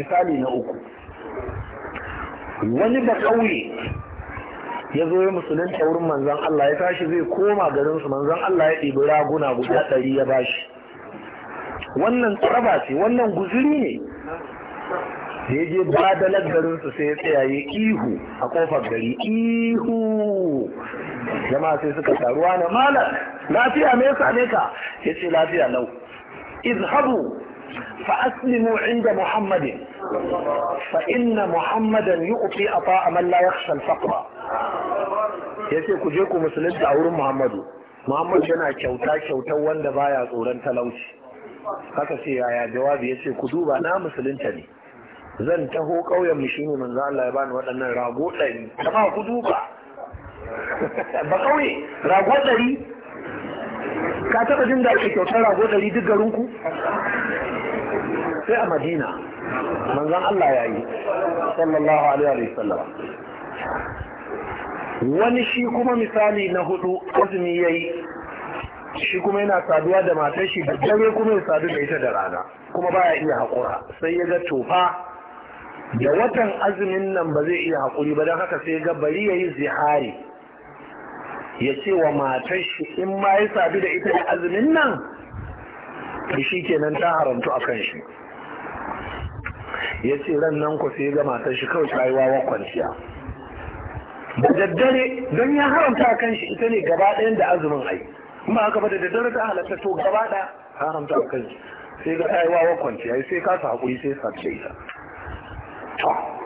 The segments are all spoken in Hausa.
misali na uku wani da ƙauye ya zo ya musulunta wurin manzan Allah ya tashi zai koma garinsu manzan Allah ya ɗibi raguna guda ɗari ya bashi wannan tsaraba ce wannan guzuri ne da ya je ba da garinsu sai ya tsayaye ihu a kofar gari ihu jama'a sai suka taruwa na malar lafiya me yasa ne ka ya ce lafiya lau izhabu fa aslimu inda muhammadin fa inna muhammadan yu'ti ata man la yakhsha al-faqra yace ku je ku musulunta a wurin muhammadu muhammadu yana kyauta kyautar wanda baya tsoron talauci haka sai yaya jawabi yace ku duba na musulunta ne zan taho ƙauyen mu shine manzo Allah ya bani waɗannan rago ɗari kama ku duba ba ƙauye rago ɗari ka taɓa jin da ake kyautar rago ɗari duk garin ku? sai a Madina manzon Allah ya yi sallallahu alaihi wa wani shi kuma misali na hudu azumi yayi shi kuma yana saduwa da matar shi da dare kuma ya sadu da ita da rana kuma baya iya haƙura sai ya ga tofa da watan azumin nan ba zai iya haƙuri ba don haka sai ya ga bari ya yi zihari ya ce wa matar shi in ma ya sadu da ita da azumin nan shi kenan ta haramtu a kan shi ya ce ran nan ku sai ga matar shi kawai ta yi wawa kwanciya da daddare don ya haramta kan shi ita ne gaba ɗayan da azumin ai ba haka ba da daddare ta halatta to gaba ɗaya haramta kan shi sai ga ta yi wawa kwanciya sai sa hakuri sai ce ita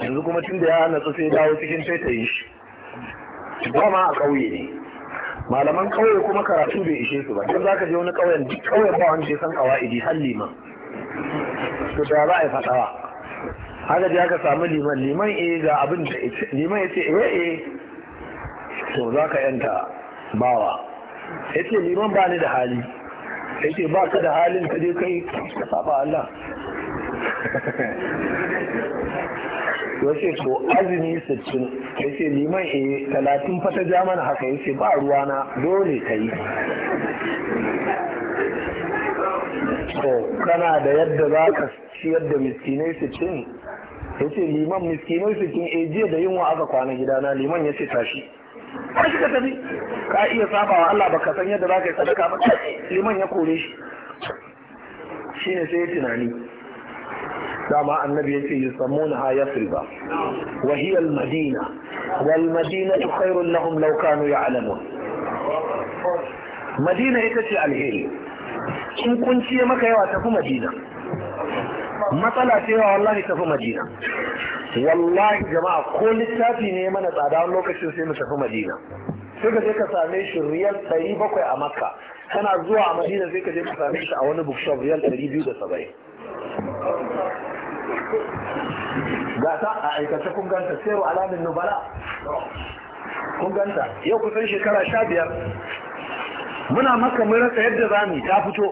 yanzu kuma tun da ya natsu sai dawo cikin yi shi ma a ƙauye ne malaman ƙauye kuma karatu bai ishe su ba don za ka je wani ƙauyen duk ƙauyen ba wanda ya san ƙawa'idi har liman to da za a yi fatawa haka ji aka samu liman liman eh ga abin da liman ya ce eh eh to za ka yanta bawa ya ce liman ba ni da hali ya ce ba ka da halin ka je kai ka saba Allah ya ce ko azumi sittin ya ce liman eh talatin fata ja mana haka ya ce ba ruwana dole ka yi Ko kana da yadda za ka ciyar da miskinai sittin ya ce liman miskinai su kin eh, jiya da yunwa aka kwana gidana liman ya ce tashi ka shiga tafi ka iya saba wa Allah baka san yadda za ka yi sadaka ba liman ya kore shi shine sai ya tunani dama annabi ya ce yusammuna ha yasriba wa hiya al-madina wal madina khairun lahum law kanu ya'lamun madina ita ce alheri in kunci maka yawa tafi madina matsala cewa wallahi tafi madina wallahi jama'a ko littafi ne mana tsada wani lokacin sai mu tafi madina sai ka je ka same shi riyal ɗari bakwai a makka kana zuwa a madina sai ka je ka same shi a wani bookshop riyal ɗari biyu da saba'in gata a aikace kun ganta wa alamin nubala kun ganta yau kusan shekara sha biyar muna maka mun rasa yadda za mu ta fito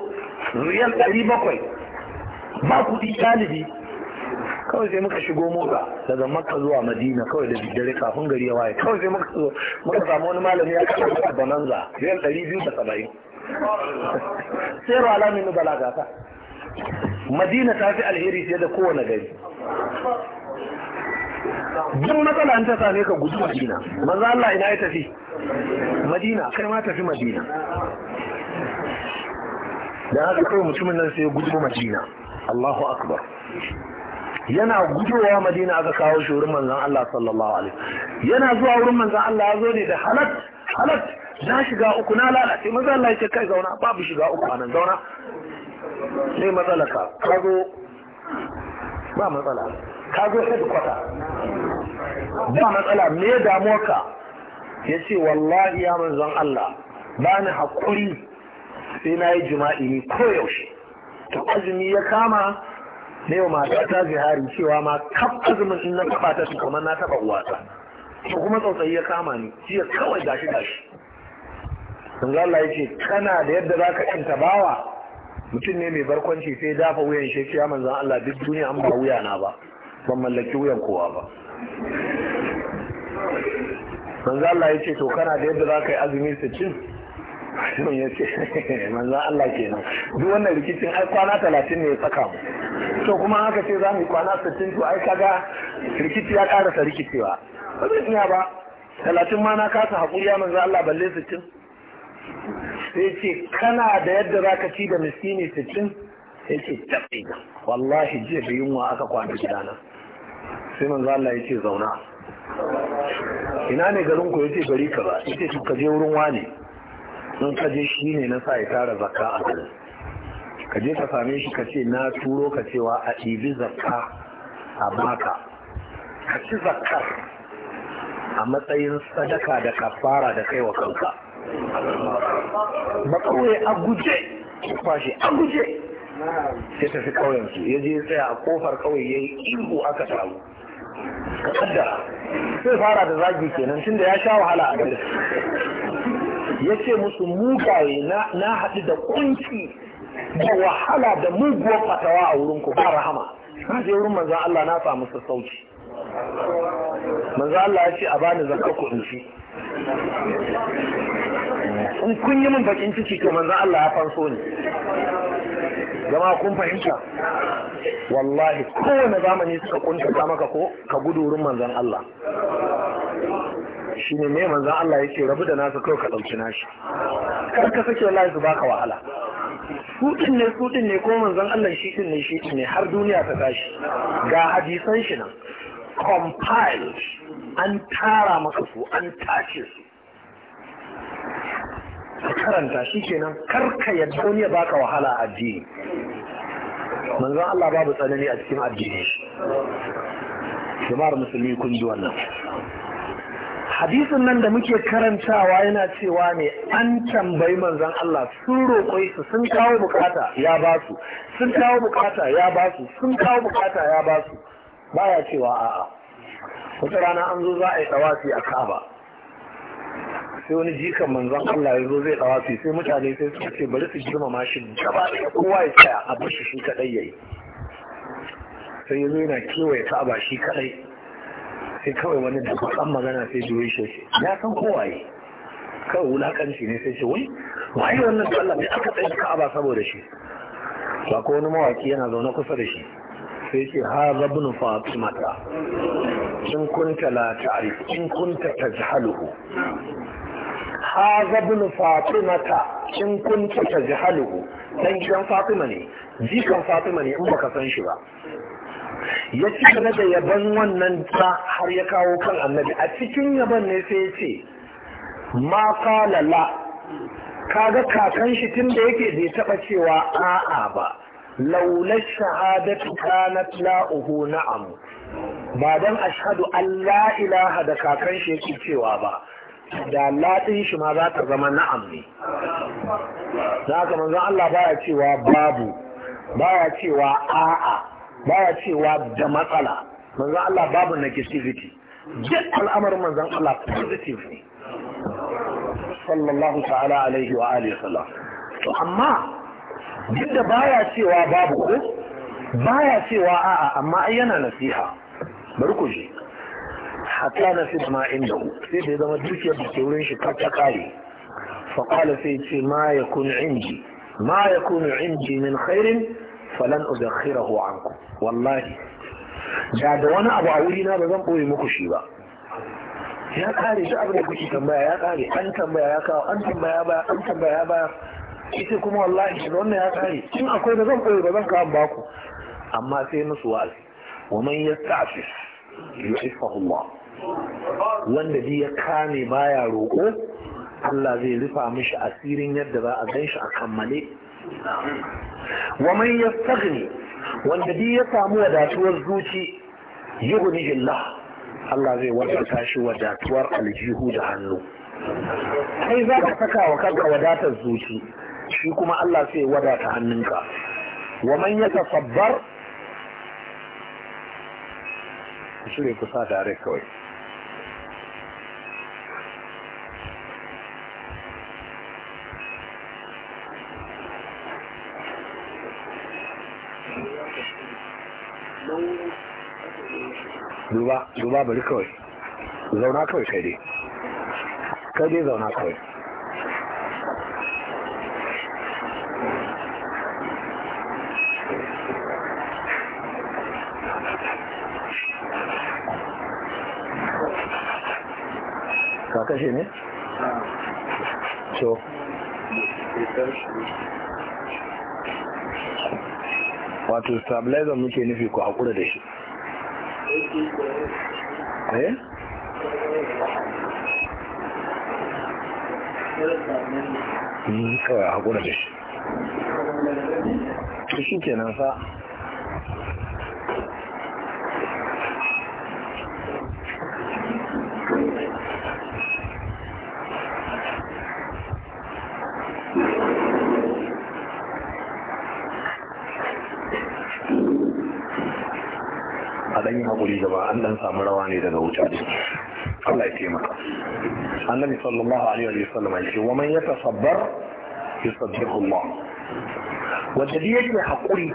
riyal ɗari bakwai ba kuɗi ɗalibi kawai sai muka shigo motsa daga makka zuwa madina kawai da dare kafin gari ya waye kawai sai muka zo muka samu wani malami ya kasance da bananza biyar ɗari biyu da saba'in sai alami alamin balaga ta madina ta fi alheri sai da kowane gari duk matsala an ta same ka guji madina maza Allah ina ya tafi madina kai ma tafi madina dan haka kawai mutumin nan sai ya guji madina Allahu akbar yana gujewa madina aka kawo shi wurin manzan Allah sallallahu alaihi yana zuwa wurin manzan Allah ya zo ne da halat halat na shiga uku na lalace manzon Allah yake kai zauna babu shiga uku a nan zauna ne matsala ka kago, ba matsala ka zo kwata ba matsala me damuwa ka ya ce wallahi ya manzon Allah ba ni haƙuri sai na yi jima'i koyaushe ta azumi ya kama na yau mata ta zihari cewa ma kaf azumin in na kafa ta kuma na taba uwata to kuma tsautsayi ya kama ni jiya kawai gashi gashi sun Allah ya ce kana da yadda za ka yanta bawa mutum ne mai barkwanci sai dafa wuyan shi ya manzan Allah duk duniya an ba wuya na ba ban mallaki wuyan kowa ba manzan Allah ya ce to kana da yadda za ka yi azumi cin mutum ya ce manzan Allah kenan duk wannan rikicin ai kwana talatin ne ya saka mu to kuma haka ce za mu kwana sittin to ai kaga rikici ya karasa rikicewa ba zan iya ba talatin ma na kasa haƙuri ya manzan Allah balle sittin sai ce kana da yadda za ka ci da miskini sittin sai ce taɓe wallahi jiya da yunwa aka kwana gidana sai manzan Allah ya ce zauna ina ne garin ku ya ce gari ka ba ya ce ka je wurin wane sun ka je shi ne na sa ya tara zakka a kan ka je ka same shi ka ce na turo ka cewa a ɗibi zakka a baka ka ci zakka a matsayin sadaka da ka fara da kai wa kanka ba kawai a guje kwashe a guje sai tafi ƙauyensu ya je tsaya a kofar kawai ya yi ihu aka samu, ka kaddara sai fara da zagi kenan tun da ya sha wahala a gari ya ce musu mugaye na haɗu da ƙunci da wahala da muguwar fatawa a wurinku ba rahama na je wurin manzan Allah na samu sassauci manzan Allah ya ce a bani zakka ku in in kun yi min bakin ciki to manzan Allah ya fanso ni Zama kun fahimta wallahi kowane zamani suka kunta maka ko ka gudu wurin manzan Allah shi ne mai manzan Allah ya ce rabu da nasu kawai ka ɗauki nashi kar ka sake wallahi su baka wahala su ne su ne ko manzan Allah shi din ne shi din ne har duniya ta tashi ga hadisan shi nan compiled an tara maka su an tace su A karanta shi kenan kar ka yadda wani ya baka wahala a addini manzan Allah babu tsanani a cikin addini shi jama'ar musulmi kun ji wannan hadisin nan da muke karantawa yana cewa ne an tambayi manzon Allah sun roƙo su sun kawo bukata ya ba su sun kawo bukata ya ba su sun kawo bukata ya ba su baya cewa a'a wata rana an zo za a yi dawasi a Ka'aba sai wani jikan manzan Allah ya zo zai dawasi sai mutane sai suka ce bari su girmama shi gaba da kowa ya tsaya a bar shi shi kadai yayi sai ya yana kewaye Ka'aba shi kadai sai kawai wani da bakan magana sai juyi shi ya san kowaye kawai wulakanci ne sai shi wai waye wannan da Allah ne aka tsaye ba saboda shi ba ko wani mawaki yana zaune kusa da shi sai ce ha zabnu fatimata in kunta la ta'rif in kunta tajhaluhu ha zabnu fatimata in kunta tajhaluhu dan gidan fatima ne jikan fatima ne in baka san shi ba ya ci gaba da yaban wannan ta har ya kawo kan annabi a cikin yaban ne sai ya ce ma kala la kaga kakan shi tun da yake bai taba cewa a'a ba laula shahadatu kanat uhu na'am ba dan ashhadu an la ilaha da kakan shi yake cewa ba da latin shi ma za ta zama na'am ne za ka manzo Allah baya cewa babu baya cewa a'a baya cewa da matsala manzon Allah babu negativity duk al'amarin manzon Allah positive ne sallallahu ta'ala alaihi wa alihi sallam to amma duk da baya cewa babu ko baya cewa a'a amma ai yana nasiha bari ku ji hatta na fi ma inda sai da zama dukiyar da ke wurin shi ta kare fa qala sai ce ma yakun indi ma yakun indi min khairin falan udakhirahu anku wallahi da da wani abu a wuri na ba zan boye muku shi ba ya kare shi abin da kuke tambaya ya kare an tambaya ya kawo an tambaya ba an tambaya ba ita kuma wallahi shi wannan ya kare in akwai da zan boye ba zan kawo baku amma sai musu wa'azi wa man ya isa Allah wanda bi ya kame baya roƙo Allah zai rufa mishi asirin yadda za a gan shi a kammale wa man wanda duk ya samu wadatuwar zuci yughnihi Allah Allah zai wadata shi wadatuwar aljihu da hannu kai za ka saka wa kanka wadatar zuci shi kuma Allah sai wadata hannunka wa man yatasabbar shirye kusa da kawai duba duba bari kawai zauna kawai kai dai kai dai zauna kawai ka kashe ne? so wato stabilizer muke nufi ku haƙura da shi Eh? Hmm, kawai a haƙura da shi shi kenan sa? dan yi haƙuri gaba an ɗan samu rawa ne daga wuta Allah ya taimaka annabi sallallahu alaihi wa sallam ya ce wa man yatasabbar yusabbihu Allah wanda da yake haƙuri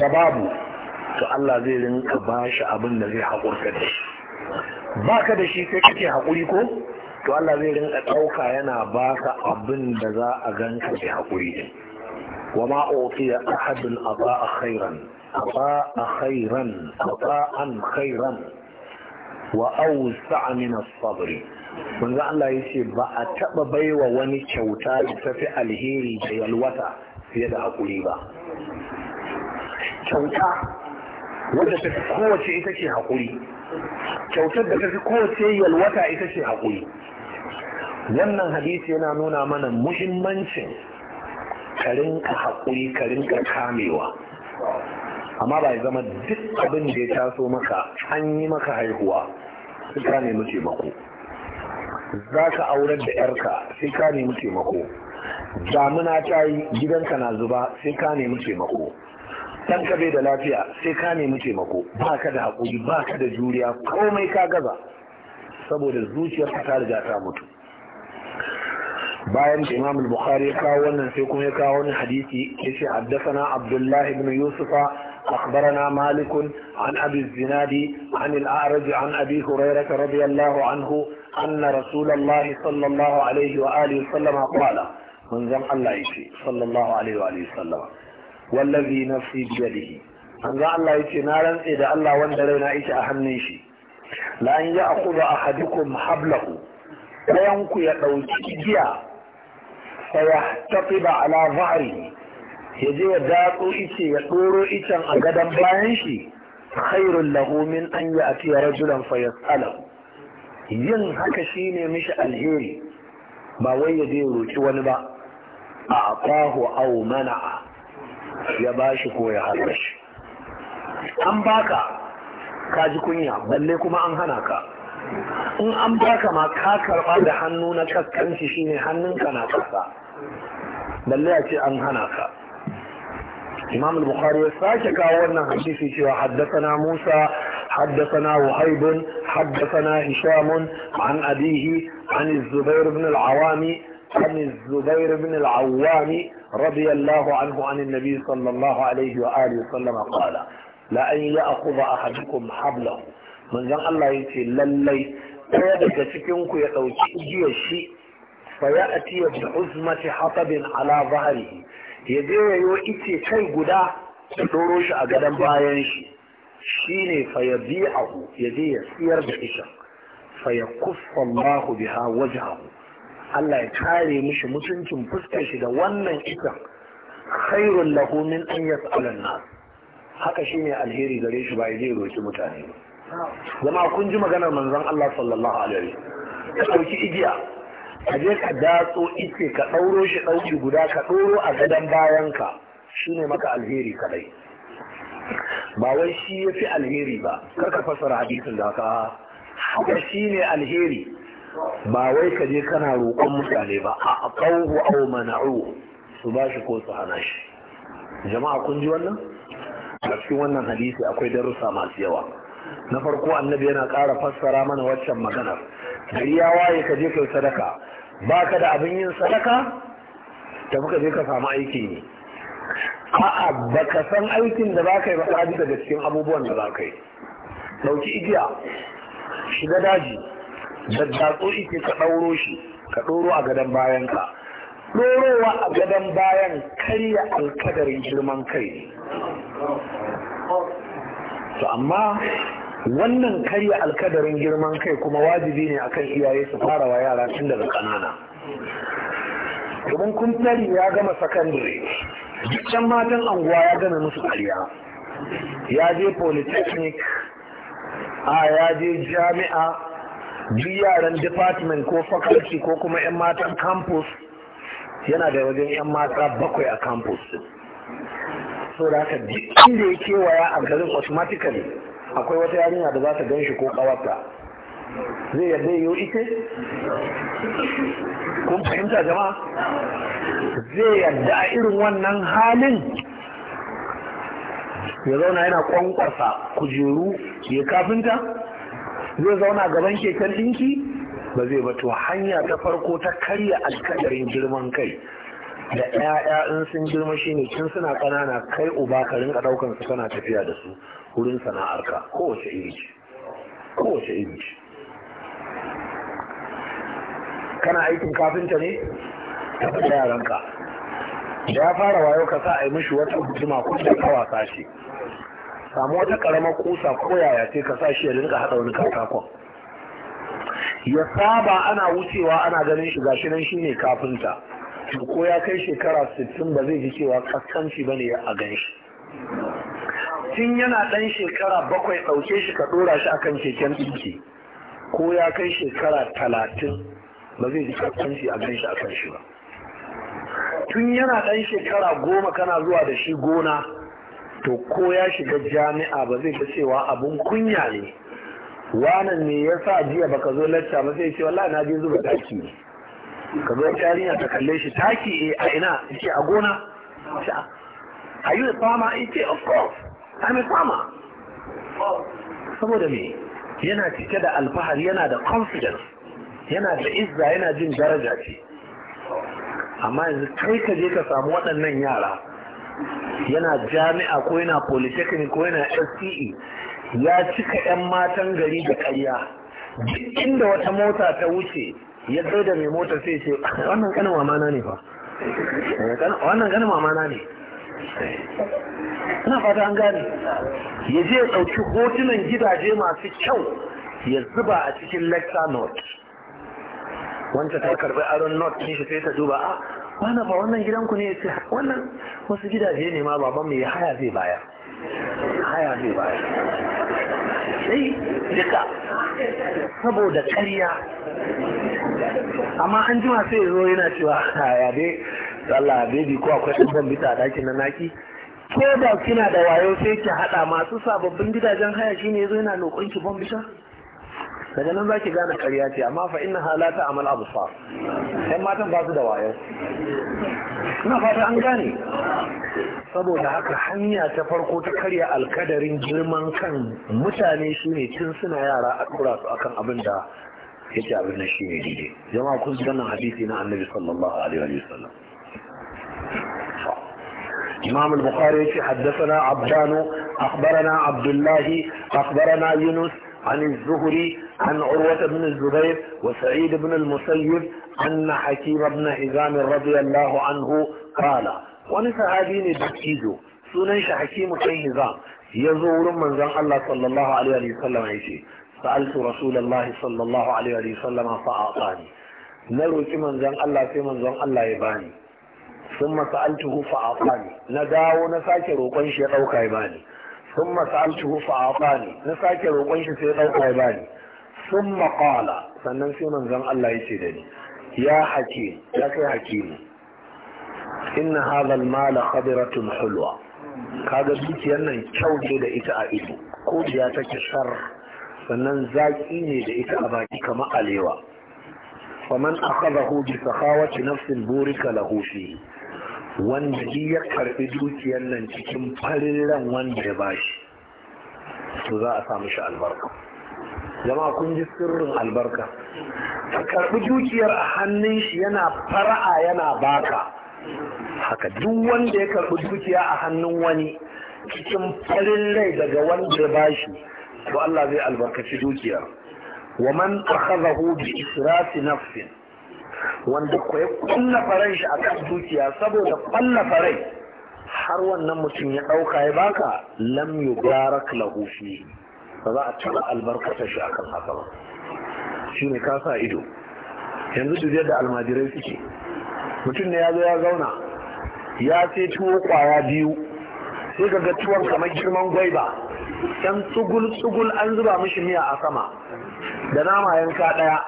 da babu to Allah zai rinka bashi abin da zai haƙurta da shi baka da shi sai kake haƙuri ko to Allah zai rinka ɗauka yana baka abin da za a ganka da haƙuri وما أعطي أحد أطاء خيرا أطاء خيرا أطاء خيرا وأوسع من الصبر manzo Allah ya ce ba a taba baiwa wani kyauta da tafi alheri da yalwata fiye da hakuri ba kyauta wadda tafi kowace ita ce hakuri kyautar da tafi kowace yalwata ita ce wannan hadisi yana nuna mana muhimmancin ka rinka haƙuri ka kamewa amma ba zama duk abin da ya taso maka an yi maka haihuwa sai ka nemi taimako za ka aurar da yarka sai ka nemi taimako damuna ta yi gidanka na zuba sai ka nemi taimako ɗan bai da lafiya sai ka nemi taimako ba ka da haƙuri ba ka da juriya komai ka gaza saboda zuciyarka ta riga ta mutu bayan da imam al-bukhari kawo wannan sai kuma ya kawo wani hadisi ya ce haddasana abdullahi ibn yusufa akhbarana Malikun, an abi zinadi an al-a'raj an abi hurairah radiyallahu anhu anna rasulullahi sallallahu wa alihi sallama qala Allah yace sallallahu alaihi wa alihi sallama wallazi nafsi bi yadihi manzon Allah yace na rantse da Allah wanda raina yake a hannun shi la a ya'khudha ahadukum hablahu ɗayan ku ya ɗauki giya فيحتطب على ظهره يجي وداقو إيشي يقورو إيشان أقدم باينشي خير له من أن يأتي رجلا فيسأله yin haka shine mishi alheri ba wai ya je roƙi wani ba a akwahu au mana'a ya bashi ko ya hana shi an baka ka ji kunya balle kuma an hana ka in an baka ma ka karba da hannu na kaskanci shine hannunka na kasa balle a ce an hana ka imam al-bukhari ya sake kawo wannan hadisi cewa haddathana musa حدثنا وهيب حدثنا هشام عن أبيه عن الزبير بن العوام عن الزبير بن العوام رضي الله عنه عن النبي صلى الله عليه وآله وسلم قال لأن يأخذ أحدكم حبله من جاء الله يتي للي ɗaya daga cikinku جيشي Faya ya atiya bi uzmati hatabin ala zahrihi ya je yayo ice kai guda da doro a gadon bayan shi shine fa ya bi'ahu ya je ya siyar da isha Faya ya kuffa Allahu biha wajhahu Allah ya kare mishi mutuncin fuskar shi da wannan isha khairun lahu min an yas'ala an-nas haka shine alheri gare shi ba ya je roki mutane ba zama kun ji maganar manzon Allah sallallahu alaihi wasallam ka dauki igiya Kaje ka datso ice ka ɗauro shi ɗauki guda ka ɗoro a gadon bayanka shine maka alheri kadai ba wai shi ya fi alheri ba kar ka fassara hadisin da ka haka shi ne alheri ba wai ka je kana roƙon mutane ba a ƙauhu au mana'u su ba shi ko su hana shi jama'a kun ji wannan a cikin wannan hadisi akwai darussa masu yawa na farko annabi yana ƙara fassara mana waccan maganar gari ya waye ka je kai sadaka ba ka da abin yin sadaka ta muka je ka samu aiki ne a'a ba ka san aikin da ba ka yi ba ka daga cikin abubuwan da ba ka yi ɗauki igiya shiga daji da datso ike ka ɗauro shi ka ɗoro a gadon bayan ka ɗorowa a gadon bayan karya alkadarin girman kai ne to amma wannan karya alkadarin girman kai kuma wajibi ne akan iyaye su fara wa yara tun daga kanana domin kuntari ya gama sakandare can matan anguwa ya gama musu karya ya je polytechnic a ya je jami'a duk yaran department ko faculty ko kuma 'yan matan campus yana da wajen 'yan mata bakwai a campus so da haka duk inda ya kewaya a garin automatically akwai wata yarinya da za ta gan shi ko kawarta zai yadda yiwu ike? kun fahimta jama'a zai yadda a irin wannan halin ya zauna yana kwankwasa kujeru ya kafinta zai zauna gaban keken ɗinki ba zai bato hanya ta farko ta karya alkadarin girman kai da 'ya'ya in sun girma shi ne kin suna ƙanana kai uba ka rinka ɗaukan su kana tafiya da su wurin sana'arka kowace iri ce kowace iri ce kana aikin kafinta ne tafi da yaranka ya fara wayo ka sa a yi mishi wata hujjima ko da kawa sashi samu wata karamar kusa ko yaya ce ka sa shi ya rinka hada wani katakon ya saba ana wucewa ana ganin shi gashi nan ne kafinta ko ya kai shekara 60 ba zai ji cewa kaskanci ne a gan shi tun yana ɗan shekara bakwai ɗauke shi ka ɗora shi akan keken ɗinki ko ya kai shekara talatin ba zai ji kakwanci a gan shi akan shi ba tun yana ɗan shekara goma kana zuwa da shi gona to ko ya shiga jami'a ba zai ga cewa abun kunya ne wanan ne ya sa jiya baka zo lacca ba zai ce wallahi na je zuba taki ne ka zo yarinya ta kalle shi taki eh, a ina ce a gona are you a farmer in ce of course I'm a farmer saboda me yana cike da alfahari yana da confidence yana da izza yana jin daraja ce amma yanzu kai ka je ka samu waɗannan yara yana jami'a ko yana polytechnic ko yana SCE ya cika 'yan matan gari da ƙarya duk inda wata mota ta wuce ya zai da mai mota sai ce wannan kanin mamana ne fa eh, wannan kanin mamana ne na fata an gane ya je ya ɗauki hotunan gidaje masu kyau ya zuba a cikin lecture north wanda ta karbi aron north ne sai ta duba a ah, wani ba wannan gidanku ne ya ce wannan wasu gidaje ne ma baban mai haya zai baya. haya zai baya. sai duka saboda karya amma an jima sai zo yana cewa haya dai Allah baby ko akwai ɗan ban bita a ɗakin na naki ko da kina da wayo sai ki haɗa masu sababbin gidajen haya shine yazo yana lokon ki ban bita daga nan zaki gane ƙarya ce amma fa inna halata amal absar ɗan matan ba su da wayo ina fata an gane saboda haka hanya ta farko ta karya alkadarin girman kan mutane shine tun suna yara a tura su akan abin da yake abin shi shine daidai jama'a kun ji wannan hadisi na annabi sallallahu alaihi wa sallam إمام البخاري حدثنا عبدان أخبرنا عبد الله أخبرنا يونس عن الزهري عن عروة بن الزبير وسعيد بن المسيب أن حكيم بن حزام رضي الله عنه قال ونسى هذين بكيدو سننش حكيم بن حزام يزور من زن الله صلى الله عليه وسلم يشي سألت رسول الله صلى الله عليه وسلم فأعطاني نروي من زن الله في من زن الله يباني ya سألته فأعطاني نداو نساك روقن شي دوكا ne. Na sake roƙon shi sai ya ɗauka دوكا يباني Sun قال sannan sai manzon Allah ya ce da ni ya ya kai hakimi inna hadha al-mala khadiratun hulwa kaga dukiyar nan kyau ce da ita a ido ko ya take shar sannan zaƙi ne da ita a baki kamar alewa faman akhadahu bi sakhawati nafsin burika lahu wanda shi ya karɓi dukiyar nan cikin farin ran wanda ya bashi to za a samu shi albarka Zama kun ji sirrin albarka ka karɓi dukiyar a hannun shi yana fara'a yana baka haka duk wanda ya karɓi dukiya a hannun wani cikin farin rai daga wanda ya bashi to Allah zai albarkaci dukiyar wa man akhadahu bi israfi nafsin wanda ko ya kulla faran shi akan dukiya saboda kulla farai har wannan mutum ya dauka ya baka lam yubarak lahu ba za a taba albarkata shi akan haka ba shine ka sa ido yanzu duk da almajirai suke mutum ne ya zo ya zauna ya ce tuwo kwaya biyu sai ga tuwon kamar girman gwaiba yan tsugul tsugul an zuba mishi miya a sama da nama yanka daya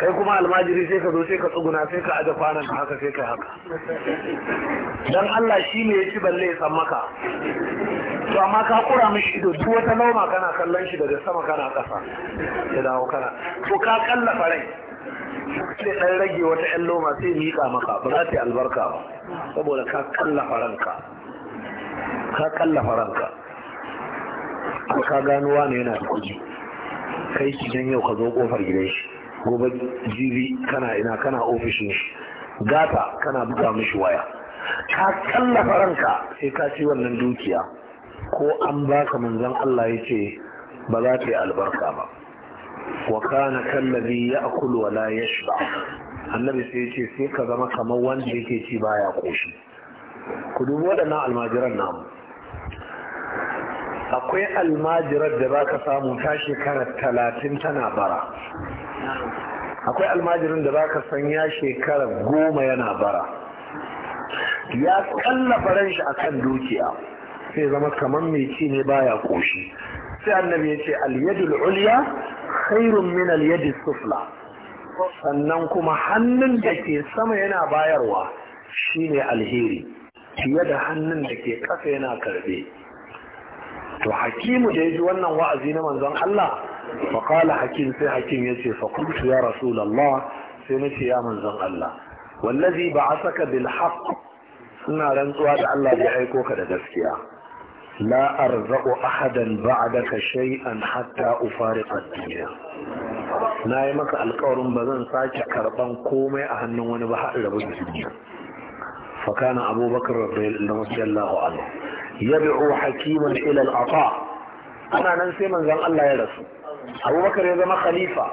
kai kuma almajiri sai ka zo sai ka tsuguna sai ka aje kwanan haka sai ka haka dan Allah shi ne ya ci balle ya san maka to amma ka kura mishi ido duk wata lauma kana kallon shi daga sama kana ƙasa ya dawo kana to ka kalla farai sai dan rage wata yan lauma sai miƙa maka ba za ta yi albarka ba saboda ka kalla ranka ka kalla ranka ka gano ne yana da kuɗi kai gidan yau ka zo kofar gidan shi gobe jibi kana ina kana ofishin shi gata kana buga mishi waya ka kalla ranka sai ka ci wannan dukiya ko an baka manzon Allah ya ce ba za ta yi albarka ba wa kana kallabi ya akulu wa la ba annabi sai ya ce sai ka zama kamar wanda yake ci baya koshi ku dubi waɗannan almajiran namu akwai almajirar da ba ka samu tashi shekara talatin tana bara akwai almajirin da zaka san ya shekara goma yana bara ya kalla baran shi akan dukiya sai zama kamar mai ci ne baya koshi sai annabi ya ce al-yadul ulya khairun min al sufla sannan kuma hannun da ke sama yana bayarwa shine alheri fiye da hannun da ke ƙasa yana karbe to hakimu da ya ji wannan wa'azi na manzon Allah faƙala hakim sai hakim ya ce faƙuntu ya rasulallah sai nace ya manzon Allah wallazi ba a saka bilhaf Ina rantsuwa da Allah da aiko ka da gaskiya la arzaku ahadan ba'daka shay'an hatta ufariq ad-dunya na yi maka alƙawarin ba zan sake karban komai a hannun wani ba har rabu duniya fa kana abubakar radiyallahu anhu sallallahu alaihi yabi'u hakiman ila al-ata ana nan sai manzon Allah ya rasu abubakar ya zama khalifa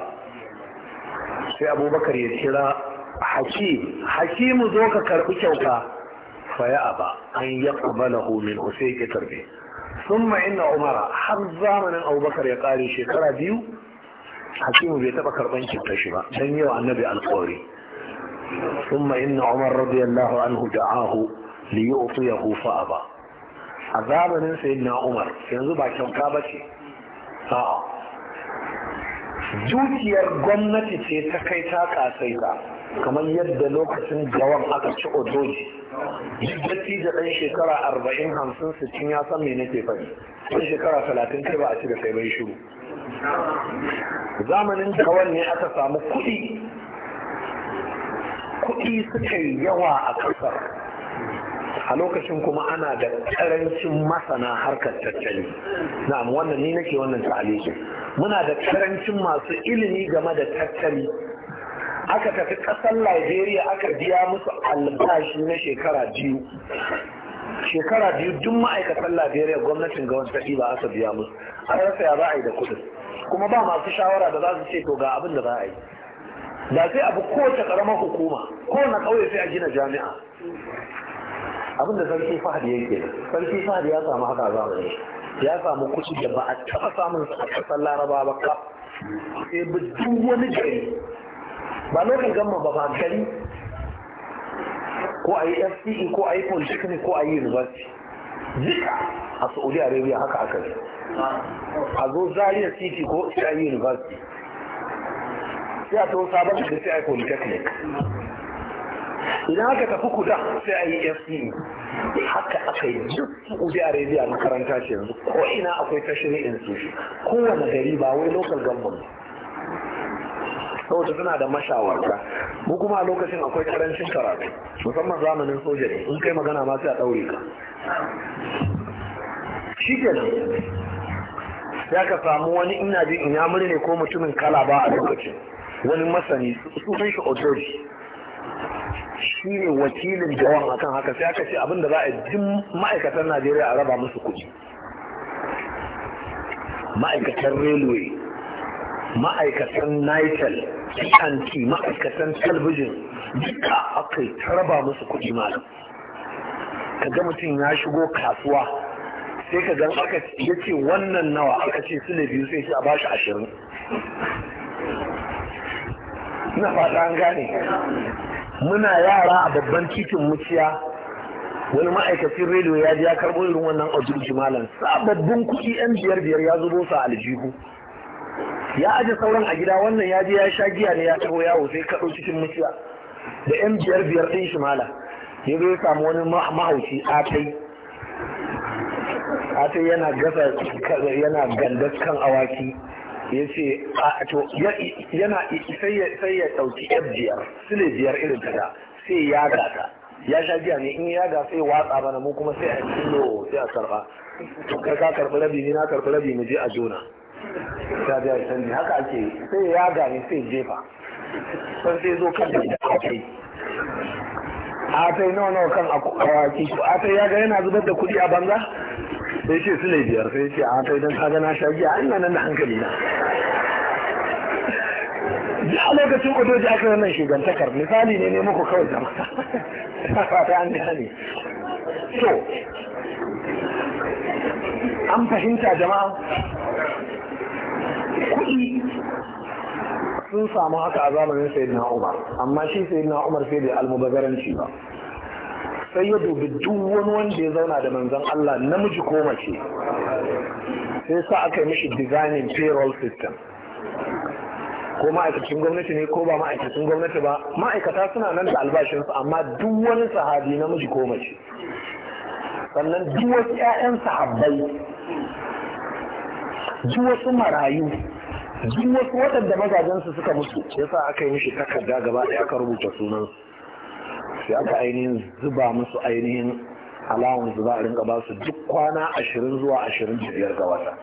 sai abubakar ya kira hakim hakimu zo ka karɓi kyauta faya aba an ya ƙubala homin sai ya karɓe sun inna umara har zamanin abubakar ya ƙare shekara biyu hakimu bai taɓa karɓan kyauta shi ba don yau annabi alƙawari sun inna umar radiyallahu anhu da'ahu li yu'tiyahu ya hufa a zamanin sayyidina umar yanzu ba kyauta ba ce a'a dukiyar gwamnati ce ta kai ta kasai ka kamar yadda lokacin gawan aka ci odoji datti da ɗan shekara arba'in hamsin sittin ya san me nake faɗi ɗan shekara talatin kai ba a ci da kai bai shiru zamanin gawan ne aka samu kuɗi kuɗi suka yi yawa a ƙasar a lokacin kuma ana da ƙarancin masana harkar tattali na wannan ni nake wannan ta'alikin muna da karancin masu ilimi game da tattali aka tafi kasar Najeriya aka biya musu albashi na shekara biyu shekara biyu duk ma'aikatan Najeriya gwamnatin ga wata ba aka biya musu an rasa ya ba a yi da kudin kuma ba masu shawara da za su ce to ga abin da za a yi Ba sai abu kowace karamar hukuma kowane kauye sai a gina jami'a abin da sarki fahad yake sarki fahad ya samu haka zamani ya samu kuɗi da ba a taɓa samun su a ƙasar laraba ba ka sai bi duk wani gari ba lokacin gama ba ba gari ko a yi fce ko a yi polytechnic ko a yi university duka a saudi arabia haka aka yi a zo zariya city ko sai a yi university sai a to sabon da sai a yi polytechnic idan aka tafi kuda sai a yi fc haka aka yi duk saudi arabia makaranta ce yanzu ko ina akwai tashirin institution kowane gari ba wai local government saboda suna da mashawarta mu kuma a lokacin akwai karancin karatu musamman zamanin soja ne in kai magana ma sai a ɗaure ka shi kenan ya ka samu wani ina jin inyamuri ne ko mutumin kalaba a lokacin wani masani sunan shi ojoji shi ne wakilin jawan akan haka sai aka ce abinda da za a jin ma'aikatan najeriya a raba musu kuɗi ma'aikatan railway ma'aikatan nitel tnt ma'aikatan talbijin duka aka yi ta raba musu kuɗi malam ka ga mutum ya shigo kasuwa sai ka gan aka ce wannan nawa aka ce su biyu sai shi a bashi ashirin na fata gane muna yara a babban titin muciya wani ma'aikacin rediyo ya ji ya karɓo irin wannan Abdul jimalan sababbin kuɗi yan biyar biyar ya zubo sa aljihu ya aje sauran a gida wannan ya je ya sha giya ne ya taho yawo sai kaɗo cikin muciya da yan biyar biyar ɗin shimala ya zo ya samu wani mahauci atai atai yana gasa yana gandas kan awaki ya ce a to yana sai ya ɗauki yar biyar sile biyar irin ta da sai ya gata ya sha biya ne in ya ga sai watsa mana mu kuma sai a kilo sai a karba to kar ka karɓi rabi ni na karɓi rabi mu je a jona ta biya canji haka ake sai ya gane sai jefa san sai zo kan da kai a tai nawa nawa kan a to a tai ya ga yana zubar da kuɗi a banza sai ce su ne biyar sai ce a kai don kaga na sha giya ai nan da hankali na ji a lokacin kudoji aka wannan shugantakar misali ne ne muku kawai zama fata an gane to an fahimta jama'a kuɗi sun samu haka a zamanin sayyidina umar amma shi sayyidina umar sai da almubazzaranci ba sai ya dubi duk wani wanda ya zauna da manzon Allah namiji ko mace sai sa aka yi mishi designing payroll system ko ma'aikacin gwamnati ne ko ba ma'aikacin gwamnati ba ma'aikata suna nan da albashinsu amma duk wani sahabi namiji ko mace sannan duk wasu 'ya'yan sahabbai duk wasu marayu duk wasu waɗanda mazajensu suka mutu sa aka yi mishi takarda gaba ɗaya aka rubuta sunansu sai aka ainihin zuba musu ainihin alawun zuba a rinka ba duk kwana ashirin zuwa ashirin da biyar ga wata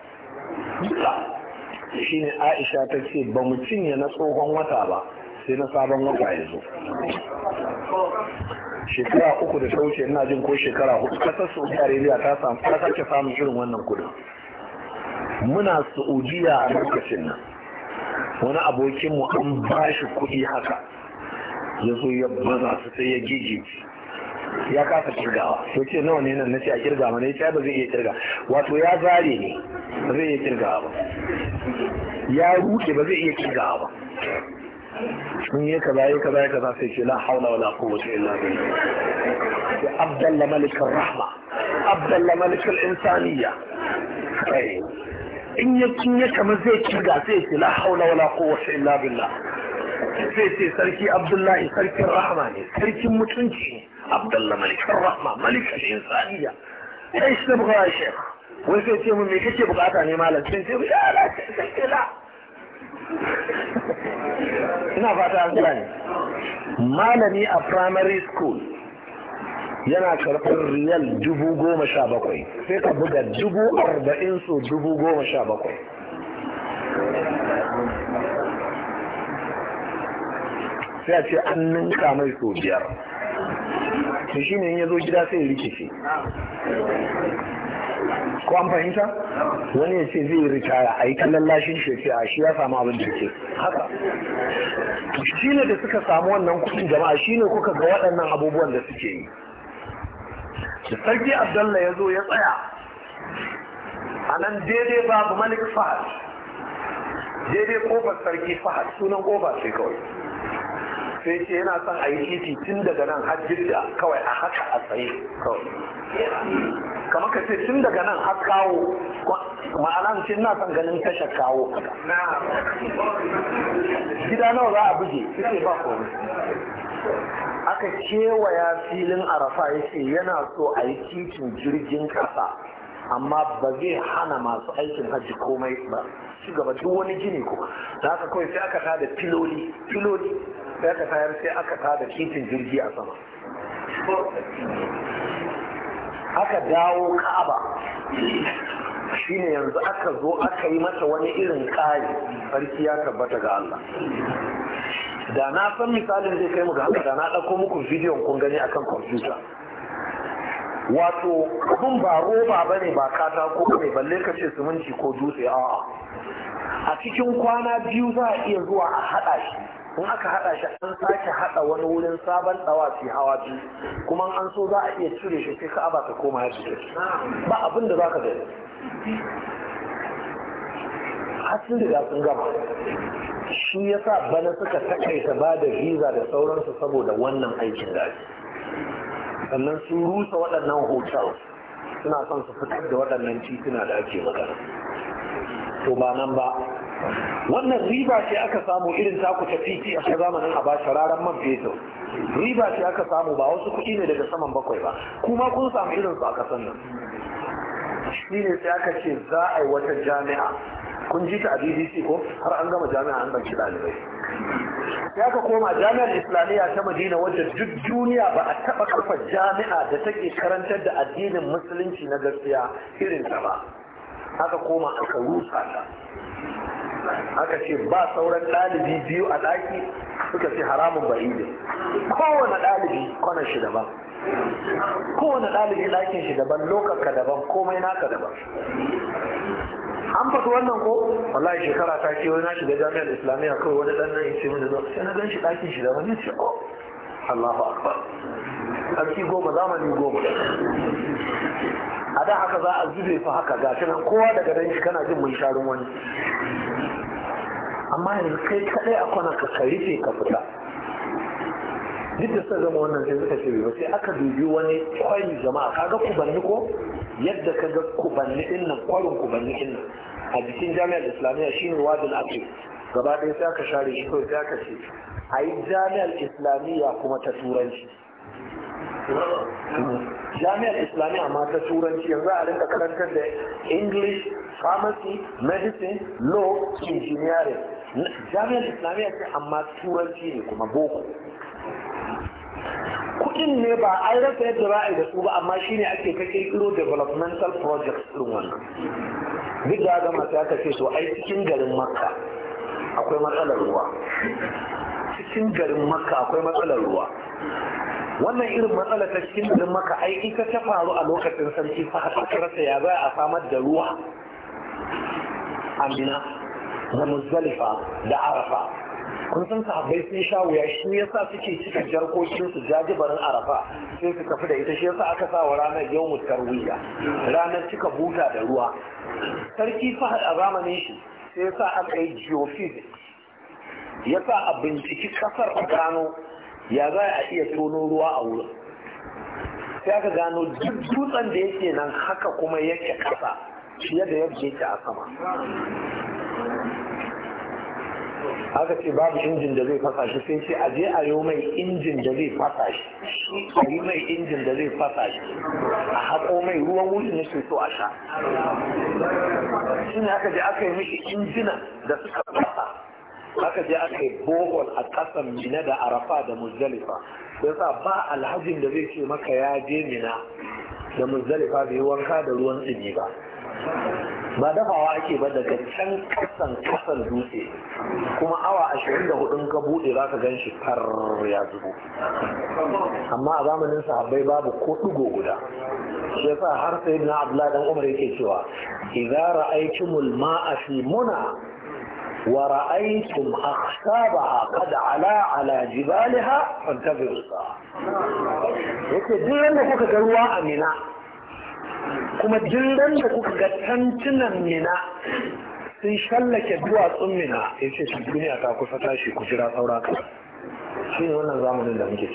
shi ne aisha ta ce ba mu cinye na tsohon wata ba sai na sabon wata ya zo shekara uku da ta wuce ina jin ko shekara hudu kasar saudi arabia ta samu ta sake samun irin wannan kudin muna saudiya a lokacin nan wani abokinmu an ba shi kudi haka ya zo ya baza su sai ya gigi ya kasa kirgawa to ce nawa ne nan na ce a kirga mana ya ba zai iya kirga wato ya zare ne ba zai iya kirgawa ba ya ruke ba zai iya kirgawa ba in yi kaza yi kaza yi kaza sai ce la haula wala quwwata illa billah ya abdalla malik rahma abdalla malik insaniya in ya kamar zai kirga sai ce la haula wala quwwata illa billah sai ce sarki abdullahi sarkin rahama ne sarkin mutunci ne abdullahi malikin rahama malikin insaniya sai shi buga shek wai sai ce mu me kake bukata ne malam sai ce ya la sai la ina fata an gane malami a primary school yana karɓar riyal dubu goma sha bakwai sai ka buga dubu arba'in so dubu goma sha bakwai sai a ce an ninka mai sau biyar to shi ne ya zo gida sai ya rikice ko an fahimta wani ya ce zai ritaya a yi kallon lashin shi a shi ya samu abin da ke haka shi ne da suka samu wannan kudin jama'a shi ne kuka ga waɗannan abubuwan da suke yi da sarki abdalla ya zo ya tsaya a nan daidai babu malik fahad daidai kofar sarki fahad sunan kofar sai kawai sai shi yana son a yi titi tun daga nan har jidda kawai a haka a tsaye kawai kama ka ce tun daga nan har kawo ma'ana shi na son ganin tasha kawo gida nawa za a buge suke ba komai aka kewaya filin arafa ya ce yana so a yi titin jirgin kasa amma ba zai hana masu aikin hajji komai ba shi gaba duk wani gini ko za ka kawai sai aka tada filoli filoli sai aka tayar sai aka tada kitin jirgi a sama aka dawo ka'aba shine yanzu aka zo aka yi mata wani irin kayi sarki ya tabbata ga Allah da na san misalin zai kai mu ga haka da na ɗauko muku bidiyon kun gani akan kwamfuta wato abin ba roba ba ne ba katako ne balle ka ce siminti ko dutse a'a a cikin kwana biyu za a iya zuwa a haɗa shi in aka haɗa shi an sake haɗa wani wurin sabon dawafi hawa biyu kuma an so za a iya cire shi sai aba ta koma ya ba abin da ka gani hasin da sun gama shi ya sa bana suka takaita ba da visa da sauransu saboda wannan aikin da sannan sun rusa waɗannan hotel suna son su fitar da waɗannan tituna da ake magana to ba nan ba wannan riba ce aka samu irin taku ta titi a zamanin a bashi raran man fetur riba ce aka samu ba wasu kuɗi ne daga saman bakwai ba kuma kun samu irin su a kasan nan shi ne sai aka ce za a yi wata jami'a kun ji ta a bbc ko har an gama jami'a an ɗauki ɗalibai sai aka koma jami'ar islamiyya ta madina wadda duk duniya ba a taɓa kafa jami'a da take karantar da addinin musulunci na gaskiya irin ta ba aka koma aka rusa ta aka ce ba sauran ɗalibi biyu a ɗaki suka ce haramun ba ne kowane ɗalibi kwanan shi daban kowane ɗalibi ɗakin shi daban lokaka daban komai naka daban an faɗi wannan ko wallahi shekara ta ke wani shiga jami'ar islamiyya kawai wani ɗan nan ce mini zuwa sai na gan shi ɗakin shi daban ne ce oh Allahu akbar sarki goma zamani goma a da haka za a zube fa haka ga shi kowa daga dan shi kana jin mun sharun wani amma yanzu kai kadai a kwana ka ka rufe ka fita duk da suka zama wannan sai suka ce ba sai aka dubi wani kwarin jama'a Ka ga kubanni ko yadda ka ga kubanni din nan kwarin kubanni din nan a bikin jami'ar islamiyya shine wadin afir gaba ɗaya sai aka share shi kawai sai aka ce a yi jami'ar islamiyya kuma ta turanci jami'ar islamiyya ma ta turanci yanzu a rinka karantar da english pharmacy medicine law engineering jami'ar islamiyya ce amma turanci ne kuma boko kudin ne ba a rasa yadda ba a da su ba amma shi shine ake kake kiro developmental projects din wannan duk da gama ta aka so ai cikin garin makka akwai matsalar ruwa cikin garin makka akwai matsalar ruwa wannan irin matsala ta cikin garin makka ai ita ta faru a lokacin sarki fa a ya za a samar da ruwa amina da muzdalifa da arafa kun san sahabbai sun sha wuya shi yasa suke cika jarkokin su jajibarin arafa sai su tafi da ita shi yasa aka sa wa ranar yau wuya ranar cika buta da ruwa sarki fahad a zamanin shi sai ya sa aka yi geophysics sa a binciki kasar a gano ya za a iya tono ruwa a wurin sai aka gano duk dutsen da yake nan haka kuma yake kasa fiye da yadda yake a sama aka ce babu injin da zai fasa shi sai ce aje a yi mai injin da zai fasa shi a yi mai injin da zai fasa shi a haƙo mai ruwan wuri na so a sha shine aka je aka yi mishi injina da suka fasa aka je aka yi bohol a ƙasan mina da arafa da muzdalifa don sa ba alhajin da zai ce maka ya je mina da muzdalifa bai wanka da ruwan tsini ba ba dafawa ake ba daga can kasan kasan dutse kuma awa ashirin da hudun ka buɗe za ka gan shi far ya zubo amma a zamanin sahabbai babu ko ɗigo guda shi yasa har sai na abdullahi dan umar yake cewa idza ra'aytumul ma'a fi muna wa ra'aytum akhsabaha qad ala ala jibalha fantabiru yake duk yanda kuka ga ruwa a mina kuma jirgin da kuka ga tantunan mina sun shallake duwatsun mina ya ce su duniya ta kusa tashi ku jira saura ka shi ne wannan zamanin da muke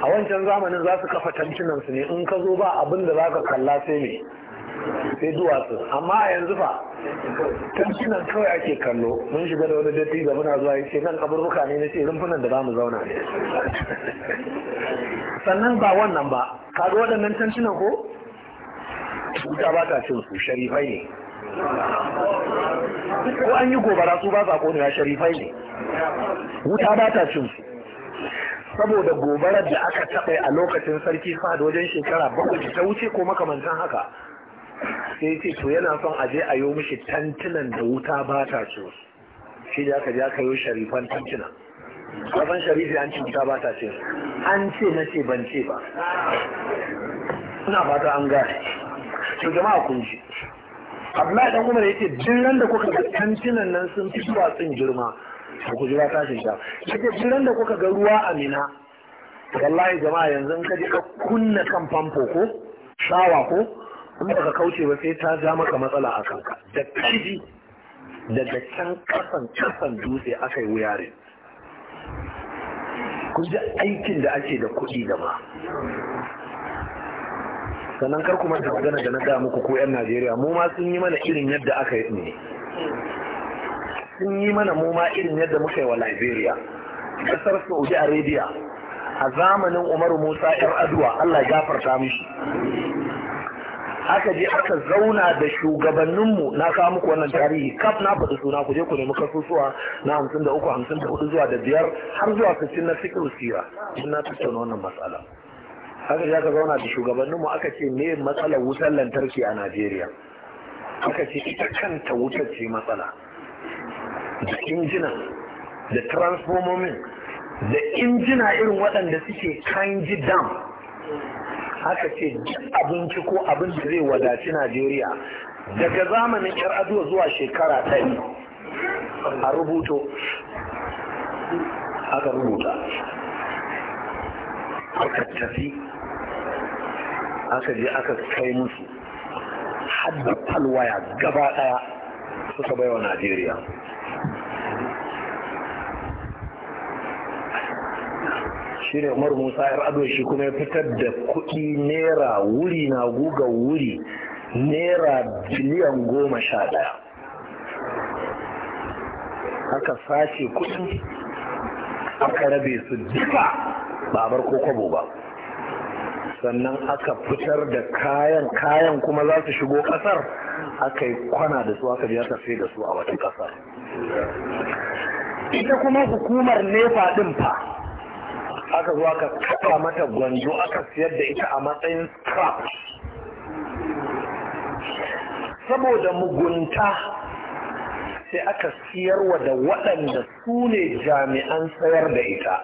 a wancan zamanin za su kafa tantunan su ne in ka zo ba abin da za ka kalla sai ne sai duwatsu amma a yanzu fa tantunan kawai ake kallo mun shiga da wani datti da muna zuwa yake nan kaburbuka ne ce rumfunan da mu zauna ne sannan ba wannan ba kaga waɗannan tantunan ko wuta ba ta cin su sharifai ne ko an yi gobara su ba sa konewa sharifai ne wuta ba ta cin su saboda gobarar da aka taɓa a lokacin sarki fada wajen shekara bakwai ta wuce ko makamantan haka sai ce to yana son a je a yi mishi tantunan da wuta ba ta su, shi da aka je aka yi sharifan tantuna kasan sharifi an cin wuta ba ta su. an ce na ce ban ce ba ina fata an gane to jama'a kun ji amma dan umar yace din ran da kuka ga tantinan nan sun fi tsin girma Ko ku jira tashin sha yace din ran da kuka ga ruwa a wallahi jama'a yanzu in ka je ka kunna kan famfo ko shawa ko in baka kauce ba sai ta ja maka matsala a kanka da karfi daga can kasan kasan dutse aka yi wuyarin kun ji aikin da ake da kuɗi da ma sannan kar kuma da magana da na ga muku ko yan Najeriya mu ma sun yi mana irin yadda aka yi ne sun yi mana mu ma irin yadda muka yi wa Liberia kasar Saudi Arabia a zamanin Umaru Musa yar aduwa, Allah ya gafarta mishi aka je aka zauna da shugabanninmu na kawo muku wannan tarihi kaf na faɗi suna ku je ku nemi kasusuwa na hamsin da zuwa da biyar har zuwa kacin na fikir sira na tattauna wannan matsala haka za ka zauna da shugabanninmu aka ce me matsalar wutar lantarki a najeriya aka ce ita kanta wutar ce matsala da injina, da transformomin da injina irin waɗanda suke kanji dam aka ce abinci ko abin da zai wadaci najeriya daga zamanin yar aduwa zuwa shekara ɗari a rubuto aka rubuta aka tafi aka je aka kai musu hadda falwaya gaba daya suka baiwa najeriya shi ne umar musa yar ado shi kuma ya fitar da kuɗi naira wuri na guga wuri naira biliyan goma sha ɗaya aka sace kuɗi aka rabe su duka babar kokobo ko kwabo ba sannan aka fitar da kayan kayan kuma za su shigo kasar aka yi kwana da su aka biya da su a wata kasar ita kuma hukumar nefa din fa aka zo aka kafa mata gwanjo aka siyar da ita a matsayin scrap saboda mugunta sai aka siyarwa da waɗanda su ne jami'an sayar da ita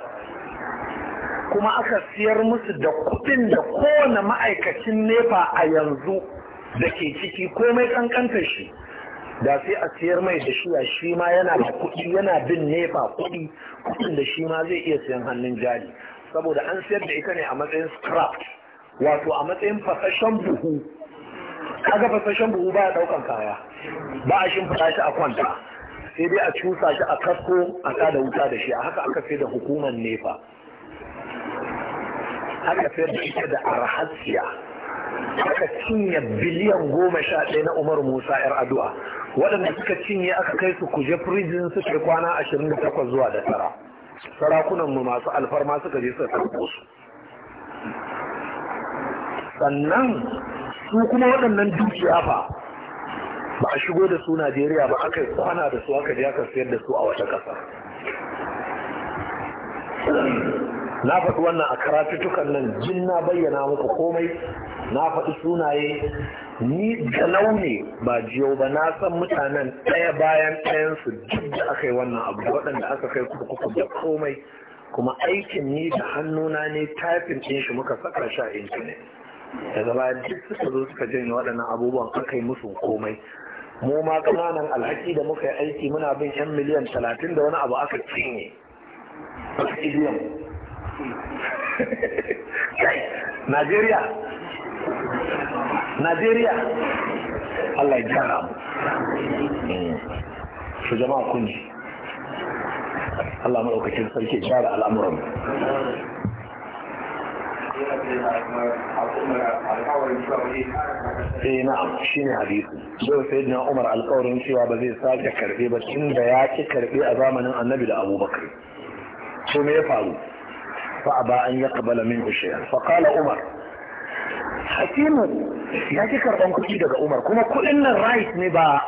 kuma aka siyar musu da kudin da kowane ma'aikacin nefa a yanzu da ke ciki komai kankantar shi da sai a siyar mai da shi a shi ma yana da kudi yana bin nefa kudi kudin da shi ma zai iya siyan hannun jari saboda an siyar da ita ne a matsayin scrap wato a matsayin fasashen buhu kaga fasashen buhu ba ya daukan kaya ba a shimfiɗa shi a kwanta sai dai a cusa shi a kasko a da wuta da shi a haka aka sai da hukumar nefa aka sayar da ita da arhasiya aka cinye biliyan goma sha ɗaya na umar musa yar addu'a waɗanda suka cinye aka kai su kuje prison su kai kwana ashirin da takwas zuwa da tara sarakunan mu masu alfarma suka je suka karɓo su sannan su kuma waɗannan dukiya fa ba a shigo da su najeriya ba aka yi kwana da su aka je aka sayar da su a wata ƙasa na faɗi wannan a karatutukan nan jin na bayyana muku komai na faɗi sunaye ni galau ne ba jiyau ba na san mutanen ɗaya bayan su duk da aka yi wannan abu waɗanda aka kai kurkuku da komai kuma aikin ni da hannuna ne tafin ɗin shi muka saka shi a intanet daga baya duk suka zo suka janye waɗannan abubuwan aka yi musu komai mu ma ƙananan alhaki da muka yi aiki muna bin yan miliyan talatin da wani abu aka cinye Najeriya Najeriya Allah ya gyara mu mm. su jama'a kun ji Allah maɗaukacin sarki gyara al'amuran Eh na'am shi ne hadisi zai sai na umar alƙawarin cewa ba zai sake karɓe ba tun da ya ki karɓe a zamanin annabi da abubakar to me ya faru فأبى أن يقبل منه شيئا فقال عمر hakimu ya ki karɓan kuɗi daga umar kuma kuɗin nan right ne ba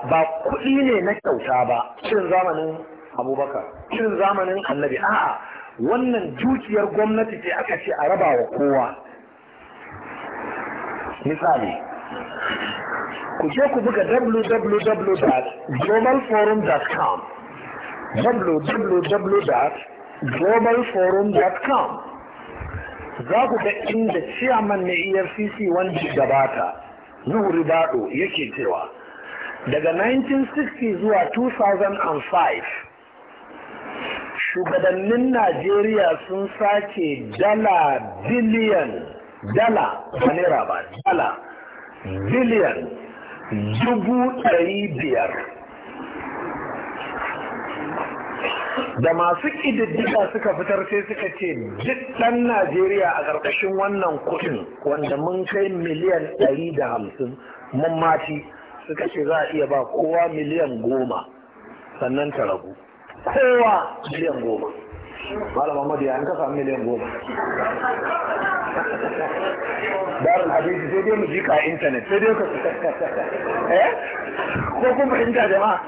kuɗi ne na kyauta ba irin zamanin abubakar irin zamanin annabi a'a wannan dukiyar gwamnati ke aka ce a raba wa kowa misali ku je ku buga www.globalforum.com www.globalforum.com globalforum.com za ku ga inda ciyaman na efcc wanda gabata nuhu ribado yake cewa daga 1960 zuwa 2005 shugabannin najeriya sun sace dala biliyan dala ba naira ba dala biliyan dubu ɗari biyar da masu ƙididdiga suka fitar sai suka ce duk ɗan najeriya a ƙarƙashin wannan kuɗin wanda mun kai miliyan ɗari da hamsin mun mati suka ce za a iya ba kowa miliyan goma sannan ta ragu kowa miliyan goma malama madu ya an kasa miliyan goma darul hadisi sai dai mu jika intanet sai dai ka eh ko kuma inda jama'a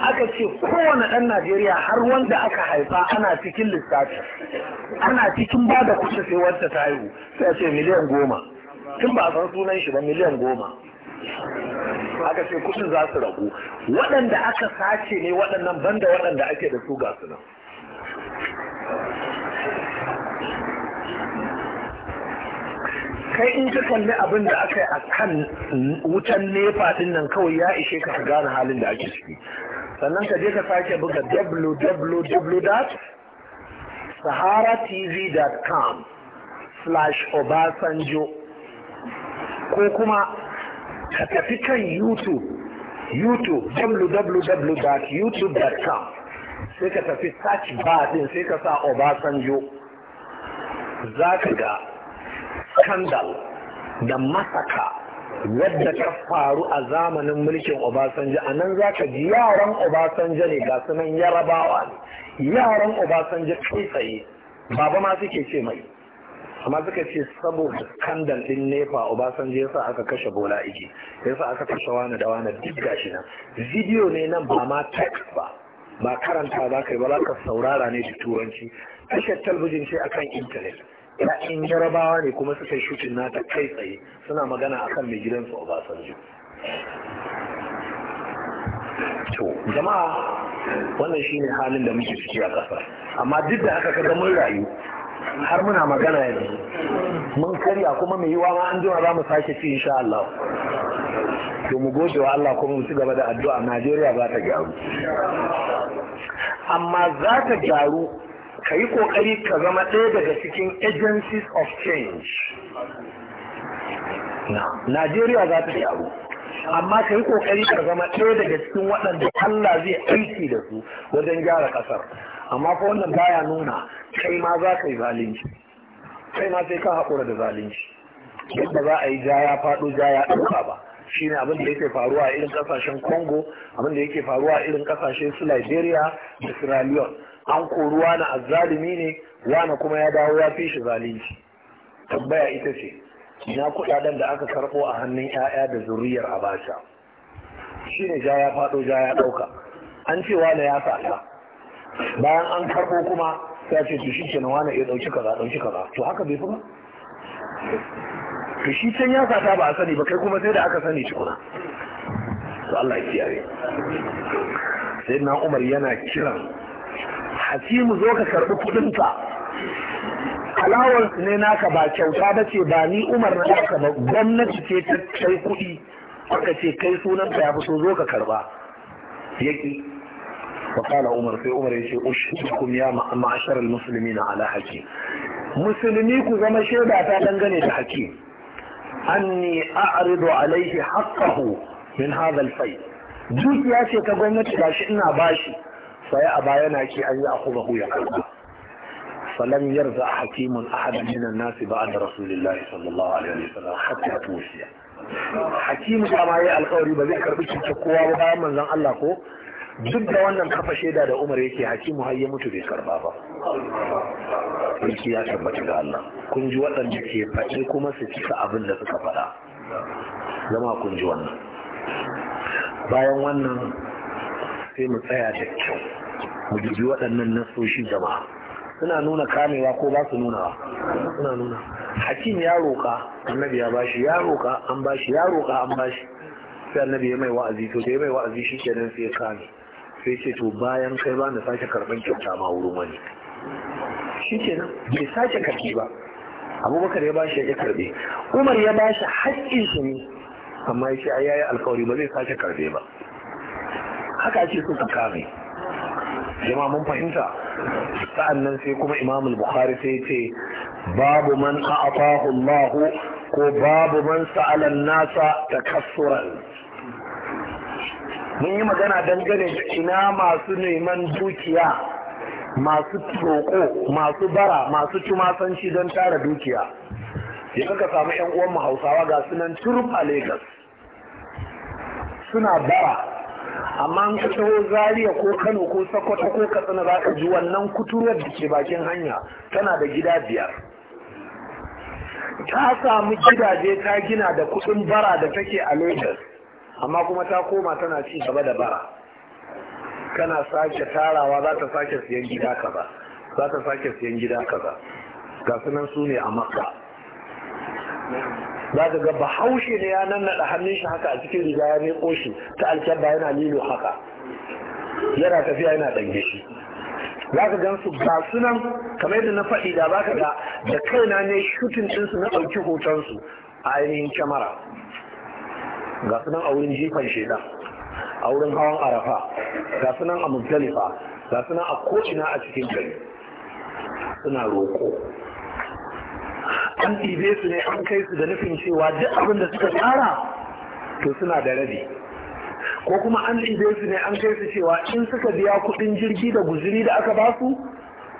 aka ce kowane ɗan Najeriya har wanda aka haifa ana cikin lissafi ana cikin ba da kusa sai wanda ta haihu sai a ce miliyan goma tun ba a san sunan shi ba miliyan goma aka ce kusa za su ragu waɗanda aka sace ne waɗannan banda waɗanda ake da su ga su nan kai in ka kalli abin da aka yi a kan wutan nefa din nan kawai ya ishe ka gane halin da ake ciki sannan ka je ka sake buga www.saharatv.com slash obasanjo ko kuma ka tafi kan youtube youtube www.youtube.com sai ka tafi search bar din sai ka sa obasanjo za ka ga scandal da masaka Yadda ta faru a zamanin mulkin Obasanjo a nan za ka ji yaran Obasanjo ne ga sunan yarabawa ne yaran Obasanjo kai tsaye baba ma suke ce mai amma suka ce saboda kandan din nefa Obasanjo yasa aka kashe Bola Ige yasa aka kashe wani da wani duk gashi nan Vidiyo ne nan ba ma text ba ba karanta za kai ba za ka saurara ne da turanci tashar talbijin ce akan intanet yayan jarabawa ne kuma suka yi shukin nata kai tsaye suna magana akan mai gidansu obasanjo to jama'a wannan shi ne halin da muke ciki a ƙasa amma duk da aka kada mun rayu har muna magana yanzu mun karya kuma mai yiwa ma an jima za mu sake ci insha Allah to mu gode wa Allah kuma mu ci gaba da addu'a Najeriya za ta gyaru amma za ta gyaru ka yi kokari ka zama ɗaya daga cikin agencies of change Najeriya za ta yi abu amma ka yi kokari ka zama ɗaya daga cikin waɗanda Allah zai aiki da su wajen gyara ƙasar amma ko wannan baya nuna kai ma za ka yi zalunci kai ma sai ka haƙura da zalunci yadda za a yi jaya faɗo jaya ɗauka ba shine abin da yake faruwa a irin ƙasashen congo abin da yake faruwa a irin ƙasashen su liberia da sierra leone an kori wani azzalimi ne wani kuma ya dawo ya fi shi zalunci Tabbaya ita ce ina kudaden da aka karbo a hannun 'ya'ya da zuriyar Shi ne ja ya fado ja ya dauka an ce wani ya sata bayan an karbo kuma ya ce to shi na wani ya dauki kaza dauki kaza to haka bai fi ba to shi can ya sata ba a sani ba kai kuma sai da aka sani cikuna. to Allah ya kiyaye sai na Umar yana kiran hakimu zo ka karɓi kuɗinka alawar ne naka ba kyauta ba ce ba ni umar na naka ba gwamnati ce ta kai kuɗi aka ce kai sunan ka ya fi so zo ka karba yaƙi wakala umar sai umar ya ce ushidukum ya ma'ashar musulmi na ala hakim musulmi ku zama shaida ta dangane da hakim anni a'ridu alaihi haqqahu min hadha al duk dukiya ce ta gwamnati gashi ina bashi sai a baya na ki an yi akhudahu ya karba falam yarda hakimun ahadan minan nasi da rasulillahi sallallahu alaihi wasallam hatta tusiya hakimu da ma yi alkawari ba zai karbi cuta kowa ba bayan manzon Allah ko duk da wannan kafa shaida da Umar yake hakimu har ya mutu bai karba ba sarki ya tabbata ga Allah kun ji waɗanda ke faɗi kuma su cika abin da suka faɗa zama kun ji wannan bayan wannan sai mu tsaya da kyau mu jiji waɗannan nasoshi jama'a suna nuna kamewa ko ba su nuna suna nuna hakim ya roƙa annabi ya bashi ya roƙa an bashi ya roƙa an bashi sai annabi ya mai wa'azi to da ya mai wa'azi shi kenan sai ya kame sai ce to bayan kai ba na sake karɓar kyauta ma wurin wani shi kenan bai sake karɓi ba abubakar ya bashi ya karɓe umar ya bashi haƙƙin shi ne amma ya ce ai yayi alkawari ba zai sake karɓe ba haka ake so su kame jama mun fahimta nan sai kuma imam al-bukhari sai ce babu man a'atahu Allah ko babu man sa'ala Nasa nasa takassuran mun yi magana dangane da ina masu neman dukiya masu roƙo masu bara masu tumasanci don tara dukiya ya kaka samu 'yan uwan mu hausawa ga sunan turf a lagos suna bara amma an taho zaria ko kano ko sokoto ko katsina za ka ji wannan kuturwar da ke bakin hanya tana da gida biyar ta samu gidaje ta gina da kudin bara da take a lagos amma kuma ta koma tana ci gaba da bara kana sake tarawa za ta sake siyan gida kaza za ta sake siyan gida kaza ga sunan su ne a makka za ka ga bahaushe da ya nan naɗa hannun shi haka a cikin riga ya miƙo ƙoshi ta alkyabba yana lilo haka yana tafiya yana ɗange shi za ka gan su ga sunan kamar yadda na faɗi da ba ka ga da kaina ne shutin ɗinsu na ɗauki hotonsu a ainihin kyamara ga sunan a wurin jifan shaidan a wurin hawan arafa ga sunan a muzdalifa ga sunan a ko'ina a cikin gari suna roƙo an ɗibe su ne an kai su da nufin cewa duk abin da suka tsara to suna da rabi ko kuma an ɗibe su ne an kai su cewa in suka biya kuɗin jirgi da guzuri da aka ba su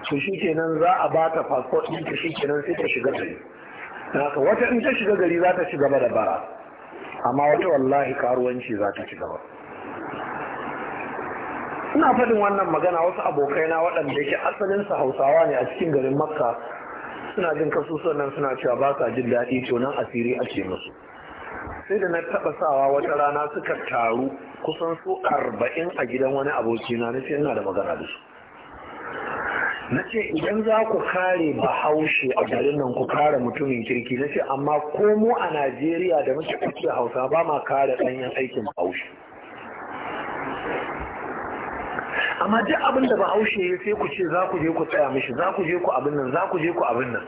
to shi kenan za a ba ta fasfot ɗin ta shi kenan sai ta shiga gari haka wata in ta shiga gari za ta shiga ba da bara amma wata wallahi karuwanci za ta shiga ba ina faɗin wannan magana wasu abokaina waɗanda yake asalin su hausawa ne a cikin garin makka suna jin kasu sannan suna cewa ba sa jin daɗi to nan asiri ake musu sai da na taɓa sawa wata rana suka taru kusan su arba'in a gidan wani aboki na ce ina da magana da su na ce idan za ku kare bahaushe a garin nan ku kare mutumin kirki na ce amma ko mu a najeriya da muke kuke hausa ba ma kare ɗanyen aikin bahaushe amma duk abin da ba haushe ya sai ku ce za ku je ku tsaya mishi za ku je ku abin nan za ku je ku abin nan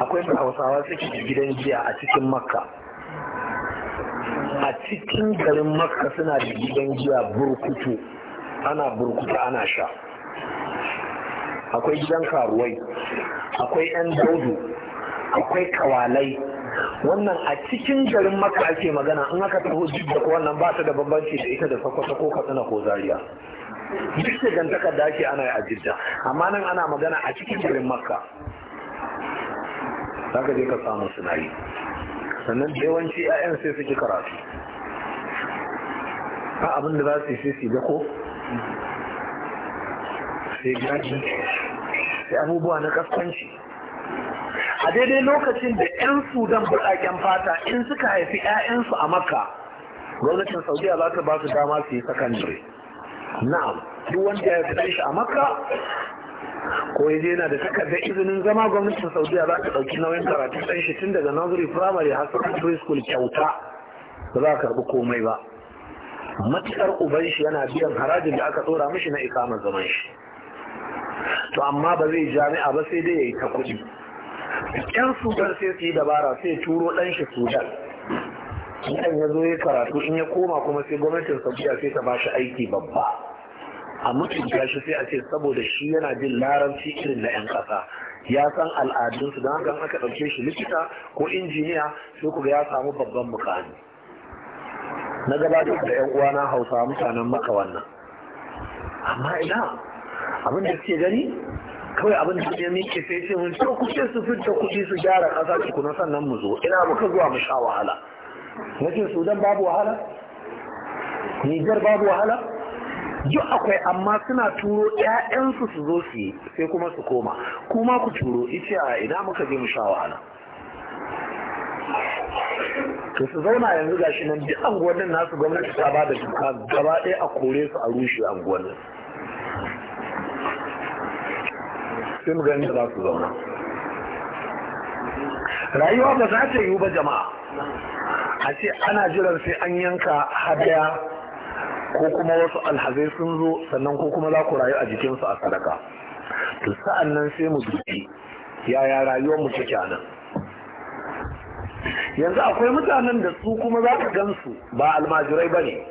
akwai mai hausawa suke gidan giya a cikin makka a cikin garin makka suna da gidan giya burkutu ana burkutu ana sha akwai gidan karuwai akwai 'yan daudu akwai kawalai wannan a cikin garin makka ake magana in aka taho duk ko wannan ba ta da bambanci da ita da sakwata ko katsina ko zaria duk shigantakar da ake ana a jidda amma nan ana magana a cikin garin makka za ka je ka samu sinayi. sannan da yawanci 'ya'yan sai suke karatu A abin da za su yi sai da ko sai gaji sai abubuwa na kaskanci a daidai lokacin da 'yan sudan buɗaƙen fata in suka haifi 'ya'yansu a makka gwamnatin saudiya za ta ba su dama su yi sakandare na'am duk wanda ya fita shi a makka ko ya je yana da takardar izinin zama gwamnatin saudiya za ta ɗauki nauyin karatun ɗan shi tun daga nursery primary har secondary school kyauta ba za ka karɓi komai ba matuƙar uban shi yana biyan harajin da aka tsora mishi na ikamar zaman shi to amma ba zai jami'a ba sai dai ya yi ta kuɗi yan sudan sai su yi dabara sai turo ɗan shi sudan idan ya zo ya karatu in ya koma kuma sai gwamnatin saudiya sai ta ba shi aiki babba a mutunta shi sai a ce saboda shi yana jin laranci irin na 'yan kasa ya san al'adunsu don haka aka ɗauke shi likita ko injiniya sai kuga ya samu babban mukami na gabatar da 'yan uwana hausa mutanen maka wannan amma ina abin da suke gani kawai abin da ya mike sai ce mun ce su fitta kuɗi su gyara ƙasa tukuna sannan mu zo ina muka zuwa mu sha wahala nake sudan babu wahala nijar babu wahala Yau akwai amma suna turo 'ya'yansu su zo su yi sai kuma su koma kuma ku turo ice a ina muka je mu sha wahala to su zauna yanzu gashi nan duk anguwannin nasu gwamnati ta ba da duka gaba ɗaya a kore su a rushe anguwannin sai mu gani za su zauna rayuwa ba za ta yiwu ba jama'a a ce ana jiran sai an yanka hadaya ko kuma wasu alhazai sun zo sannan ko kuma za ku rayu a jikinsu a sadaka to sa'an nan sai mu duki yaya rayuwar mu take nan yanzu akwai mutanen da su kuma za ka gansu ba almajirai ba ne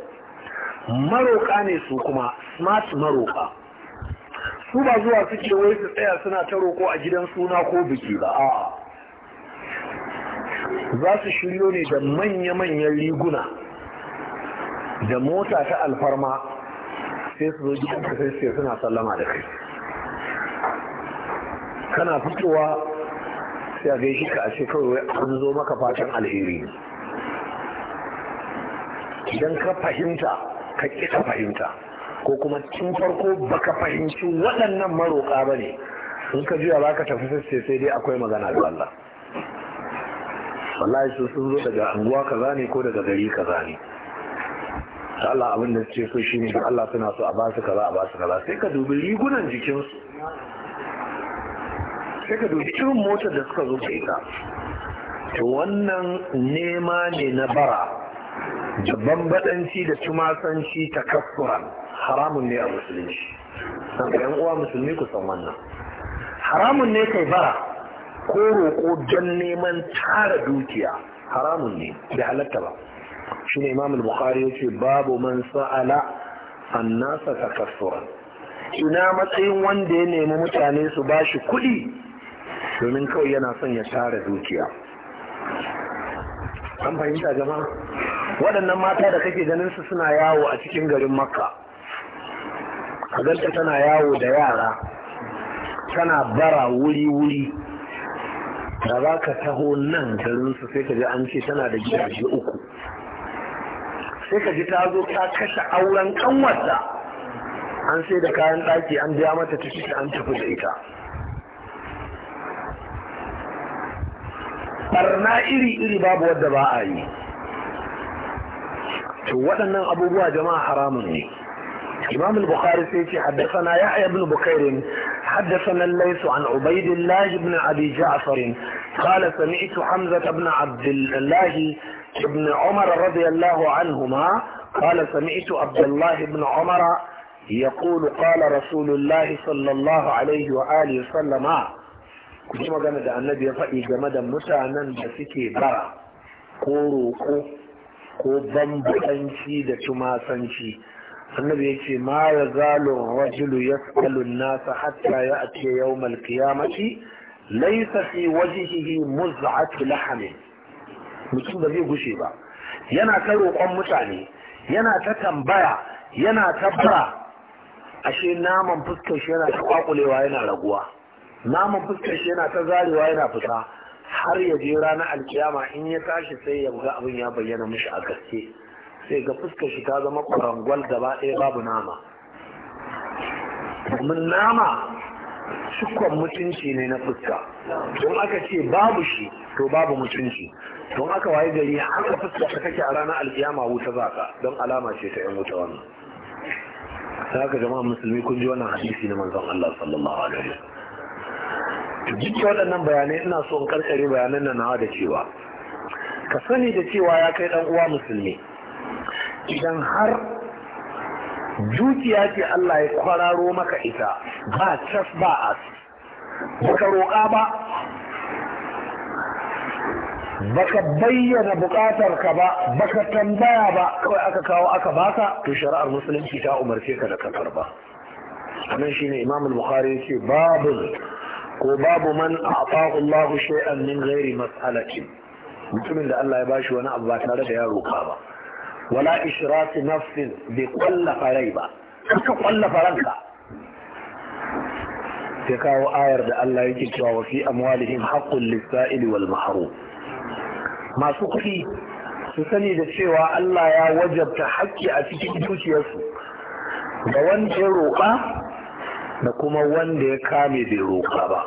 maroka ne su kuma smart maroka su ba zuwa suke wai su tsaya suna ta roko a gidan suna ko biki ba a'a za su shiryo ne da manya-manyan riguna da mota ta alfarma sai su zo gidan sai suna sallama da kai kana fitowa sai a gaishe ka a ce kawai an zo maka fatan alheri idan ka fahimta ka ƙi fahimta ko kuma tun farko baka fahimci waɗannan maroƙa ba ne in ka juya ba ka tafi sai sai dai akwai magana da Allah wallahi su sun zo daga anguwa kaza ne ko daga gari kaza ne Allah abin da ce so shine da Allah suna so a ba su kaza a ba su kaza sai ka dubi rigunan jikinsu sai ka dubi irin motar da suka zo ita to wannan nema ne na bara da bambadanci da tumasanci ta kaskura haramun ne a musulunci san uwa musulmi ku san wannan haramun ne kai bara ko roƙo don neman tara dukiya haramun ne da halatta ba shi ne imamul bukhari ya ce babu man sa'ala an nasa takassuran ina matsayin wanda ya nemi mutane su ba shi kuɗi domin kawai yana son ya tara dukiya an fahimta jama'a waɗannan mata da kake ganin su suna yawo a cikin garin makka a ganta tana yawo da yara tana bara wuri-wuri da za ka taho nan garinsu sai ka ji an ce tana da gidaje uku sai ka ji ta zo ta kashe auren kanwarta an sai da kayan ɗaki an biya mata shi an tafi da ita barna iri-iri babu wadda ba a yi to waɗannan abubuwa jama'a haramun ne إمام البخاري سيتي حدثنا يحيى بن بكير حدثنا الليث عن عبيد الله بن أبي جعفر قال سمعت حمزة بن عبد الله بن عمر رضي الله عنهما قال سمعت عبد الله بن عمر يقول قال رسول الله صلى الله عليه وآله وسلم كما قال النبي فأي جمدا متانا بسكي برا ko roƙo ko bambaɗanci da tumasanci annabi yace ma yazalu rajulu yasalu an-nasa hatta ya'ti yawm al-qiyamati laysa fi wajhihi muz'at lahm mutum ba zai gushe ba yana ta roƙon mutane yana ta tambaya yana ta bara ashe naman fuskar shi yana ta kwakulewa yana raguwa naman fuskar shi yana ta zarewa yana fita har ya je ranar alkiyama in ya tashi sai ya ga abin ya bayyana mishi a gaske sai ga fuskar shi ta zama kwarangwal gaba ɗaya babu nama domin nama sukon mutunci ne na fuska don aka ce babu shi to babu mutunci don aka waye gari aka fuska ta kake a ranar alkiyama wuta za ka don alama ce ta yan wuta wannan ta haka jama'a musulmi kun ji wannan hadisi na manzon Allah sallallahu alaihi wasallam duk waɗannan bayanai ina so in karkare bayanan nan nawa da cewa ka sani da cewa ya kai ɗan uwa musulmi idan har zuciya ce Allah ya kwararo maka ita ba cas ba as baka roƙa ba baka bayyana buƙatar ka ba baka tambaya ba kawai aka kawo aka baka to shari'ar musulunci ta umarce ka da kafar ba anan shine imam al-bukhari yace babu ko babu man a'tahu Allah shay'an min ghairi mas'alati mutumin da Allah ya bashi wani abu ba tare da ya roƙa ba wala ishrati nafsin bai kwallafa rai ba ka kwallafa ranka sai kawo ayar da Allah yake cewa wa fi amwalihim haqqul lis-sa'ili wal mahrum masu kuɗi su sani da cewa Allah ya wajabta haƙƙi a cikin dukiyarsu da wanda ya roƙa da kuma wanda ya kame bai roƙa ba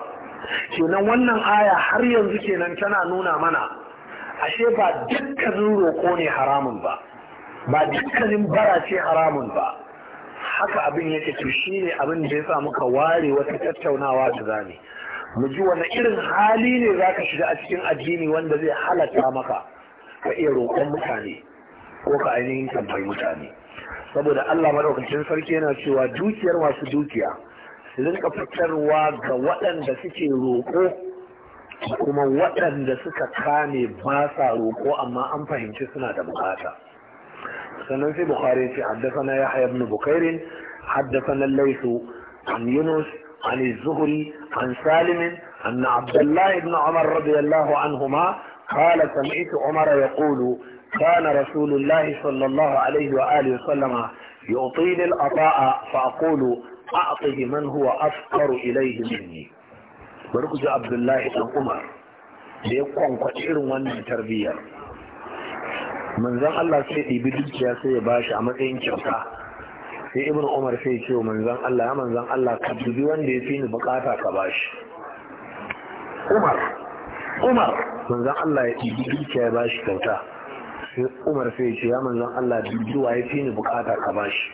kenan wannan aya har yanzu kenan tana nuna mana ashe ba dukkanin roƙo ne haramun ba ba dukkanin bara ce haramun ba haka abin yake to shine abin da ya sa muka ware wata tattaunawa da zane mu ji wani irin hali ne za ka shiga a cikin addini wanda zai halatta maka ka iya roƙon mutane ko ka ainihin tambayi mutane saboda Allah madaukakin sarki yana cewa dukiyar masu dukiya su rinka fitarwa ga waɗanda suke roƙo kuma waɗanda suka kame ba sa roƙo amma an fahimci suna da bukata سنن في بخاري ce haddasana ya haya ibn bukairin haddasana laisu عن الزهري عن سالم أن عبد الله بن عمر رضي الله عنهما قال سمعت عمر يقول كان رسول الله صلى الله عليه وآله وسلم يعطيني الأطاء فأقول أعطه من هو أفقر إليه مني بركز عبد الله بن عمر ليكون كثير من التربيه. manzan Allah sai ɗibi dukiya sai ya bashi a matsayin kyauta sai ibn umar sai ce wa manzan Allah ya manzan Allah ka dubi wanda ya fi ni bukata ka bashi umar umar manzan Allah ya ɗibi dukiya ya bashi kyauta sai umar sai ce ya manzan Allah dubi wa ya fi ni bukata ka bashi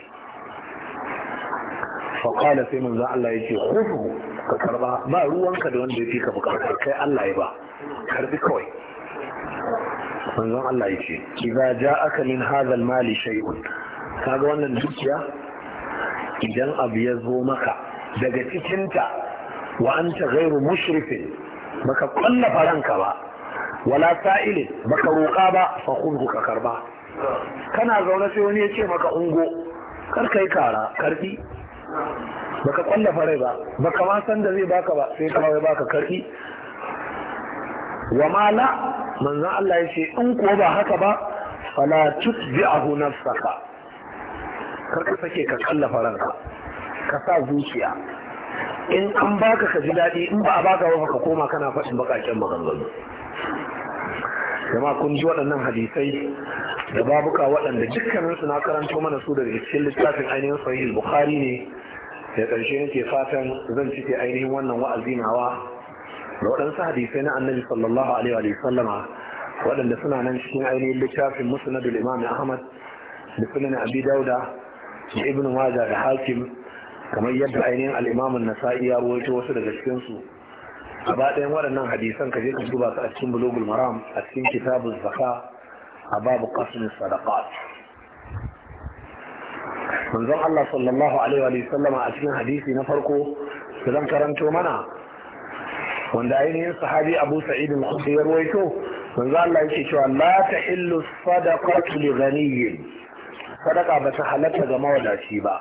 faƙala sai manzan Allah ya ce hudu ka karba ba ruwanka da wanda ya fi ka bukata kai Allah ya ba karbi kawai manzon Allah ya ce ja aka min hadha al-mali shay'un kaga wannan dukiya idan abu ya zo maka daga cikinta wa anta ghairu mushrifin baka kwalla faranka ba wala sa'ilin baka roƙa ba fa khudhu ka karba kana zaune sai wani ya ce maka ungo kar kai kara karbi baka kwalla farai ba baka ma san da zai baka ba sai kawai baka karbi wa ma la. manzan Allah ya ce in kuwa ba haka ba fala tutbi'ahu nafsaka kar ka sake ka kallafa ranka ka sa zuciya in an baka ka ji daɗi in ba a baka ba ka koma kana faɗin bakaken maganganu jama'a kun ji waɗannan hadisai da babuka waɗanda dukkanin na karanto mana su daga cikin littafin ainihin sahih bukhari ne da ƙarshe nake fatan zan cike ainihin wannan wa'azi nawa da waɗansu hadisai na annabi sallallahu alaihi wa sallama waɗanda suna nan cikin ainihin littafin musnadul imam ahmad da sunan abi dauda da ibn waja da hakim kamar yadda ainihin al-imam an-nasa'i ya rawaito wasu daga cikin su gaba ɗayan waɗannan hadisan ka je ka duba su a cikin bulugul maram a cikin kitabuz zakka a babu qasmi sadaqat manzon Allah sallallahu alaihi wa sallama a cikin hadisi na farko su zan karanto mana wanda ainihin sahabi abu sa'id al-khudri ya rawaito manzo Allah yake cewa la tahillu sadaqatu li ghaniyyin sadaqa ba ta halatta ga mawadaci ba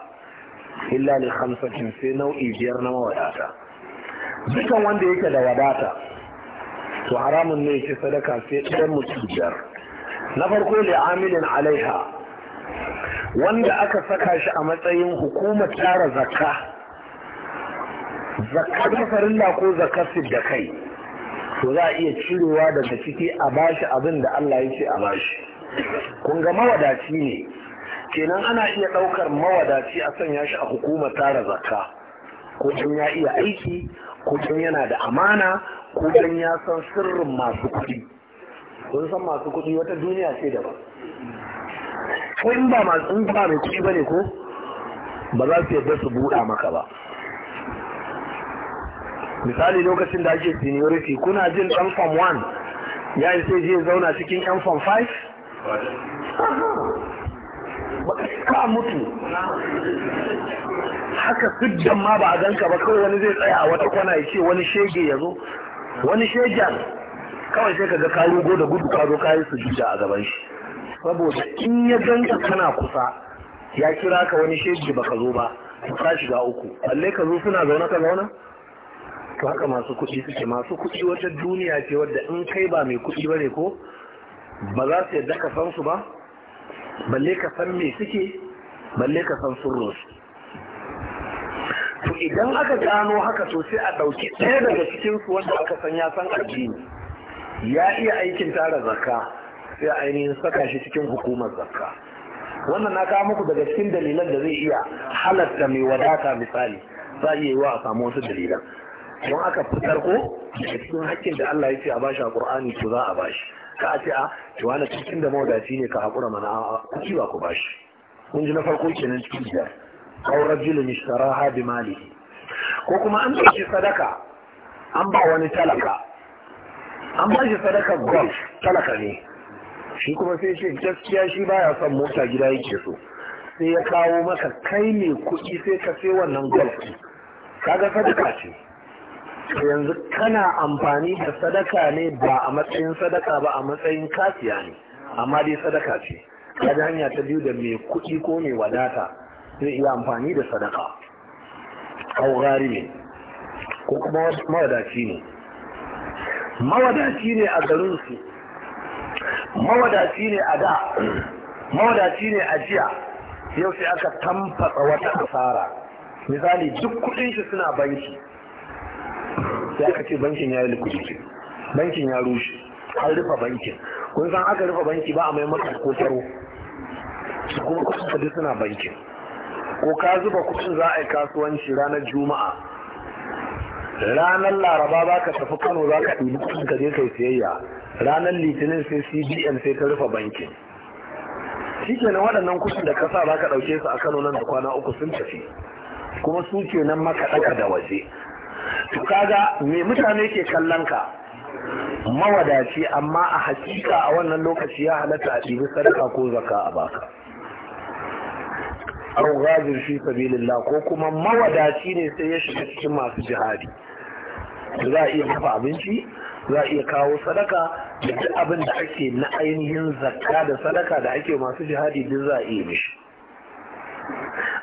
illa li khamsatin sai nau'i biyar na mawadata dukan wanda yake da wadata to haramun ne yake sadaka sai ɗan mutum biyar na farko li amilin alaiha wanda aka saka shi a matsayin hukumar tara zakka zakar farilla ko zakar da kai to za a iya cirewa daga ciki a bashi abin da Allah ya ce a bashi kun ga mawadaci ne kenan ana iya ɗaukar mawadaci a sanya shi a hukumar tara zakka ko don ya iya aiki ko don yana da amana ko don ya san sirrin masu kuɗi kun san masu kuɗi wata duniya ce daban ko in ba masu in ba mai kuɗi bane ko ba za su yadda su buɗa maka ba misali lokacin da ake seniority kuna jin dan form 1 ya yi sai je zauna cikin yan form 5 ka mutu haka sujjan ma ba a ganka ba kawai wani zai tsaya a wata kwana ya ce wani shege ya zo wani shegen kawai sai ka ga kayi go da gudu ka zo kayi sujjuda a gaban shi saboda in ya ganka kana kusa ya kira ka wani shege baka zo ba ka shiga uku balle ka zo suna zaune ka zauna to haka masu kuɗi suke masu kuɗi wata duniya ce wadda in kai ba mai kuɗi ba ne ko ba za su yadda ka san su ba balle ka san me suke balle ka san sun rosu to idan aka gano haka to sai a ɗauki ɗaya daga cikin su wanda aka san ya san addini ya iya aikin tara zakka sai a ainihin saka shi cikin hukumar zakka wannan na kawo muku daga cikin dalilan da zai iya halatta mai wadata misali za a iya yi wa a samu wasu dalilan Kuma aka fitar ko daga cikin hakkin da Allah ya ce a bashi a Qur'ani to za a bashi ka a ce a ah, to wani cikin da mawadaci ne ka haƙura mana a ku ku bashi kun ji na farko kenan cikin biyar aw rajulun ishtaraha bi malihi ko kuma an ɗauki sadaka an ba wani talaka an ba shi sadakar golf talaka ne shi kuma sai shi gaskiya shi baya son mota gida yake so sai ya kawo maka kai ne kuɗi sai ka sai wannan golf kaga sadaka ce yanzu kana amfani da sadaka ne ba a matsayin sadaka ba a matsayin kasiya ne amma dai sadaka ce kaji hanya ta biyu da mai kuɗi ko mai wadata zai iya amfani da sadaka au gari ne ko kuma mawadaci ne mawadaci ne a su mawadaci ne a da mawadaci ne a jiya yau sai aka tamfasa wata asara misali duk kudin shi suna banki sai aka ce bankin ya yi liquidity bankin ya rushe an rufe bankin kun san aka rufe banki ba a mai maka ko taro kuma kuɗin da suna bankin ko ka zuba kuɗin za a yi kasuwanci ranar juma'a ranar laraba za ka tafi kano za ka ɗibi kuɗin ka je kai siyayya ranar litinin sai cbn sai ta rufe bankin shikenan waɗannan kuɗin da ka sa za ka ɗauke su a kano nan da kwana uku sun tafi kuma su kenan maka ɗaka da waje to kaga me mutane ke kallon ka mawadaci amma a hakika a wannan lokaci ya halatta a ɗibi sadaka ko zaka a baka aw ghazir fi sabilillah ko kuma mawadaci ne sai ya shiga cikin masu jihadi za a iya dafa abinci za a iya kawo sadaka da duk abin da ake na ainihin zakka da sadaka da ake masu jihadi duk za a iya mishi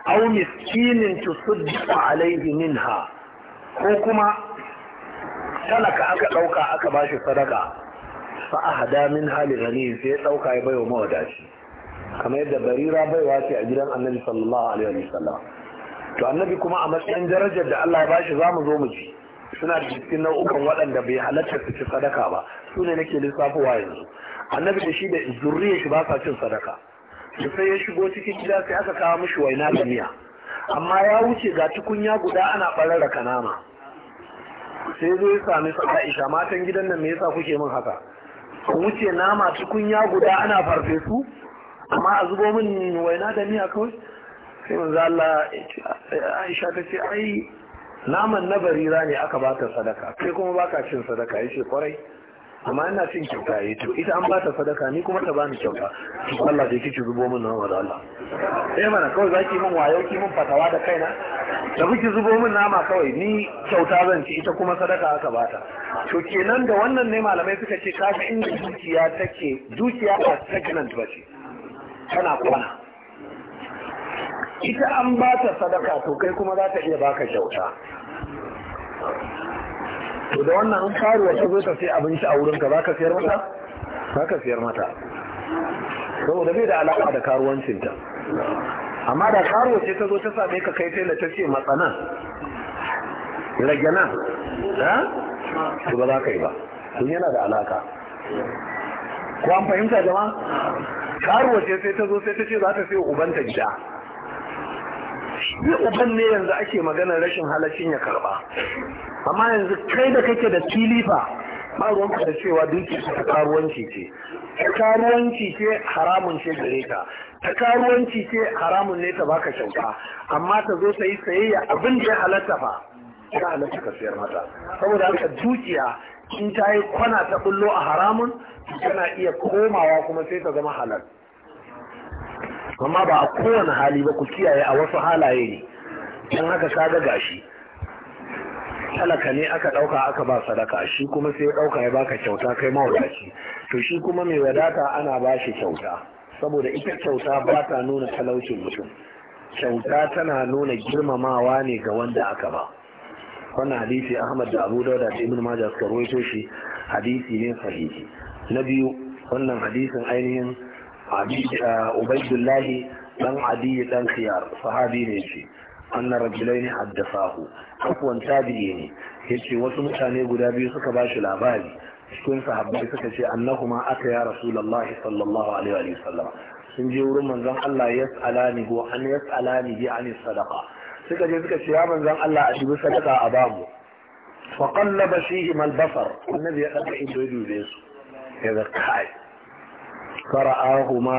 aw miskinin tusaddaqa alayhi minha ko kuma talaka aka ɗauka aka ba shi sadaka fa ahada min hali gani sai ya ɗauka ya baiwa mawadaci kamar yadda barira baiwa ce a gidan annabi sallallahu alaihi wa to annabi kuma a matsayin darajar da Allah ya ba shi mu zo mu ci suna da cikin nau'ukan waɗanda bai halatta su ci sadaka ba su ne nake lissafowa yanzu annabi da shi da zurriya shi ba sa cin sadaka sai ya shigo cikin gida sai aka kawo mishi waina da miya amma ya wuce ga tukunya guda ana barara kanama sai zai sami saka Aisha matan gidan nan me yasa kuke min haka ku wuce nama tukunya guda ana farfesu amma a zubo min waina da miya kawai sai manzo Allah Aisha ta ce ai naman na barira ne aka ba ta sadaka kai kuma baka cin sadaka yace kwarai amma ina cin kyauta ya eh to ita an ba ta sadaka ni kuma ta bani kyauta to Allah zai kici zubo min nama da Allah eh mana kawai zaki min wayo ki min fatawa da kaina da kuke zubo min nama kawai ni kyauta zan ci ita kuma sadaka aka ta to kenan da wannan ne malamai suka ce kafi inda dukiya take dukiya ta stagnant ba ce tana kwana ita an ba ta sadaka to kai kuma za ta iya baka kyauta to da wannan an faru wasu zai ta sai abinci a wurinka za ka siyar mata za ka siyar mata saboda bai da alaƙa da karuwancinta amma da karuwa ce ta zo ta same ka kai tela ta ce matsanan rage nan ha ba za ka yi ba sun yana da alaƙa ko an fahimta jama? karuwa ce sai ta zo sai ta ce za ta sai ubanta gida shi uban ne yanzu ake maganar rashin halashin ya karba amma yanzu kai da kake da tilifa. ba ruwanka da cewa duki ta karuwanci ce ta karuwanci ce haramun ce gare ta ta karuwanci ce haramun ne ta baka kyauta amma ta zo ta yi sayayya abin da ya halatta fa ya halatta ka sayar mata saboda haka dukiya in ta yi kwana ta bullo a haramun tana iya komawa kuma sai ta zama halal amma ba a kowane hali ba ku kiyaye a wasu halaye ne don haka kaga gashi talaka ne aka ɗauka aka ba sadaka shi kuma sai ya ɗauka ya baka kyauta kai mawadaci to shi kuma mai wadata ana ba shi kyauta saboda ita kyauta ba ta nuna talaucin mutum kyauta tana nuna girmamawa ne ga wanda aka ba wannan hadisi ahmad da abu dauda da ibn majah suka rawaito shi hadisi ne sahihi na biyu wannan hadisin ainihin ubaidullahi ɗan adi dan khiyar sahabi ne shi anna rajulaini haddathahu afwan tabi'i ne yace wasu mutane guda biyu suka bashi labari cikin sahabbai suka ce annahuma aka ya rasulullah sallallahu alaihi wa sallam sun je wurin manzon Allah yas'alani ko an yas'alani bi an sadaqa suka je suka ce ya manzon Allah a dubi sadaqa a babu fa qallaba fihi mal basar annabi ya daga ido dube su ya fara'ahuma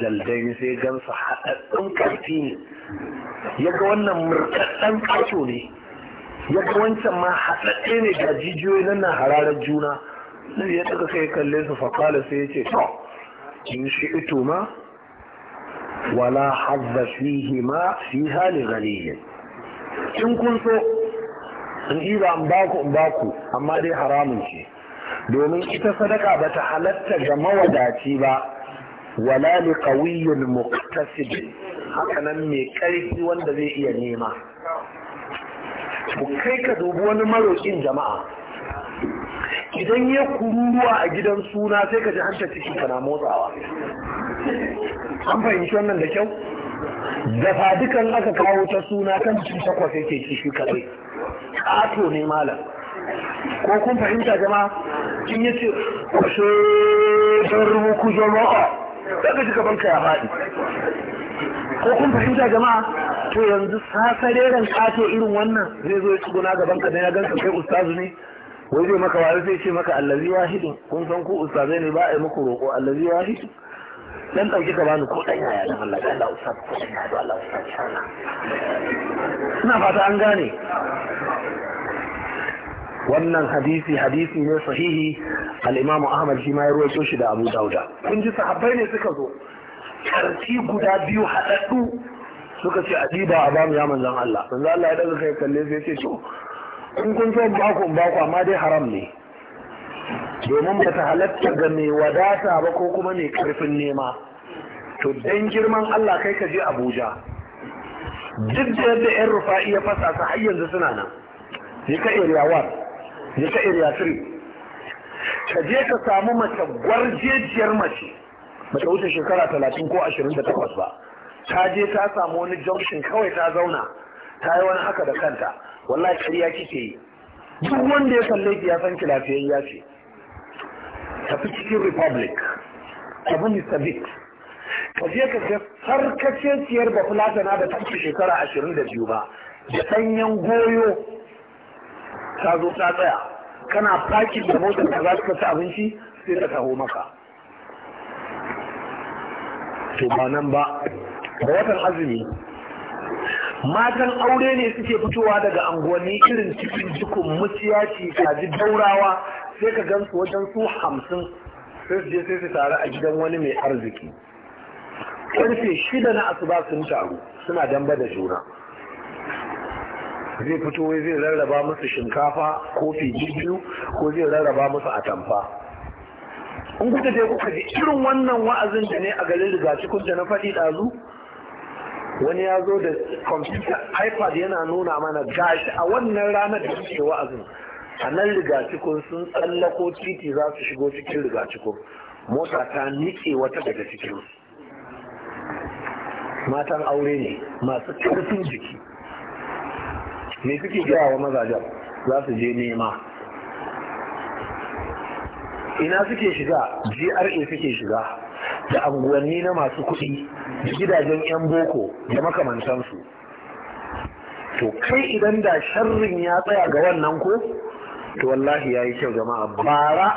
jaldaini sai gansa haɗaɗɗun ƙarfi ne ya ga wannan murkaɗɗen ƙato ne ya ga wancan ma haɗaɗɗe ne da jijiyoyi nan na hararar juna na ya daga kai kalle su fakala sai ya ce to in shi ito ma wala hazza fihi ma fi hali ghaliyin in kun so in iza an baku in baku amma dai haramun ce domin ita sadaka ba ta halatta ga mawadaci ba wala li qawiyyin muqtasib haka nan mai ƙarfi wanda zai iya nema kai ka dubi wani maroƙin jama'a idan ya kururuwa a gidan suna sai ka ji hanta ciki kana motsawa an fahimci wannan da kyau dafa dukan aka kawo ta suna kan cikin takwas yake kishi kaɗai ƙato ne malam ko kun fahimta jama'a in ya ce ashe don rubuku jama'a daga ji gabanka ya faɗi ko kun fahimta jama'a to yanzu sasareren kato irin wannan zai zo ya ci tsuguna gabanka don ya ganka kai ustazu ne wai zai maka wari zai ce maka allazi wahidin kun san ku ustazai ne ba a yi muku roƙo allazi wahidin dan ɗauki ka bani ko ɗan yaya da Allah Allah ustaz ko ɗan yaya da Allah ustaz ina fata an gane wannan hadisi hadisi ne sahihi al Ahmad shi ma ya rawaito shi da Abu Dauda kun ji sahabbai ne suka zo karfi guda biyu haɗaɗɗu suka ce a ɗiba a bamu ya manzan Allah manzan Allah ya daga kai kalle sai ce to in kun so ba ku ba ku amma dai haram ne domin ba ta halatta ga mai wadata ba ko kuma mai karfin nema to dan girman Allah kai ka je Abuja duk da yadda yan rufa'i ya fasa su har yanzu suna nan je ka area 1 ya ta eh, ka je ka samu mace gwarjejiyar mace mace wuce shekara talatin ko ashirin da takwas ba ta je ta samu wani junction kawai ta zauna ta yi wani haka da kanta wallahi ƙarya kike yi duk wanda ya kalle ki ya san ki ya ce fi cikin republic bi mr vick ka je ka ga ba fulatana da take shekara ashirin da biyu ba da ɗanyen goyo ka zo ta tsaya kana faki da motar ta za ka ci abinci sai ta taho maka to ba nan ba da watan azumi matan aure ne suke fitowa daga anguwanni irin cikin jikun muciyaci ji daurawa sai ka gansu wajen su hamsin sai su je sai su taru a gidan wani mai arziki karfe shida na asuba sun taru suna damba da juna zai fito wai zai rarraba musu shinkafa kofi biyu ko zai rarraba musu atamfa in kuka dai kuka ji irin wannan wa'azin da ne a garin rigacikun da na faɗi ɗazu wani ya zo da kwamfuta ipad yana nuna mana gashi a wannan ranar da suke wa'azin a nan rigacikun sun tsallako titi za su shigo cikin rigacikun mota ta nike wata daga cikin matan aure ne masu karfin jiki me suke gaya wa mazajen za su je nema ina suke shiga GRA suke shiga da anguwanni na masu kuɗi da gidajen 'yan boko da makamantansu to kai idan da sharrin ya tsaya ga wannan ko to wallahi ya yi kyau jama'a bara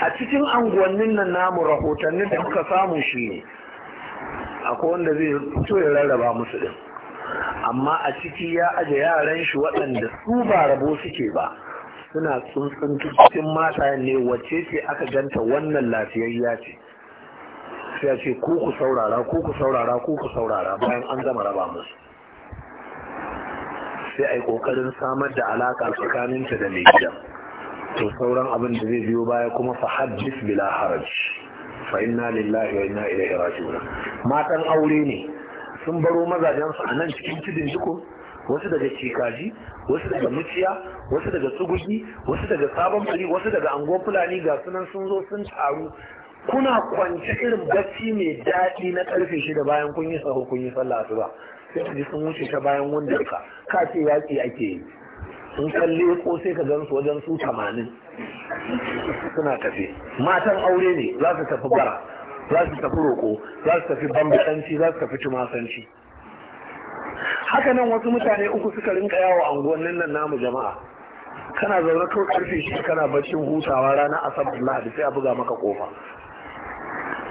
a cikin anguwannin nan namu rahotannin da muka samu shi ne akwai wanda zai fito ya rarraba musu din amma a ciki ya aje yaran shi waɗanda su ba rabo suke ba suna tsuntsun cikin mata ne wacce ce aka ganta wannan lafiyayya ce sai ya ce ko ku saurara ko ku saurara ko ku saurara bayan an gama raba musu sai a yi kokarin samar da alaka tsakaninta da mai gida. to sauran abin da zai biyo baya kuma fa haddis bila haraj fa inna lillahi wa inna ilaihi raji'un matan aure ne sun baro mazajensu a nan cikin cibin jiko wasu daga cikaji wasu daga muciya wasu daga tsugugi wasu daga sabon fari wasu daga angon fulani ga sunan sun zo sun taru kuna kwance irin bacci mai daɗi na karfe shida bayan kun yi saho kun yi sallah asuba sai ka ji sun wuce ta bayan wanda ka ka ce yaƙi ake yi sun kalle ko sai ka gansu wajen su tamanin suna tafe matan aure ne za su tafi bara za su tafi roƙo za su tafi bambaɗanci za su tafi tumasanci haka nan wasu mutane uku suka rinka yawo unguwannin nan namu jama'a kana zaune kawai karfe shi kana barcin hutawa ranar asabar lahadi sai a buga maka kofa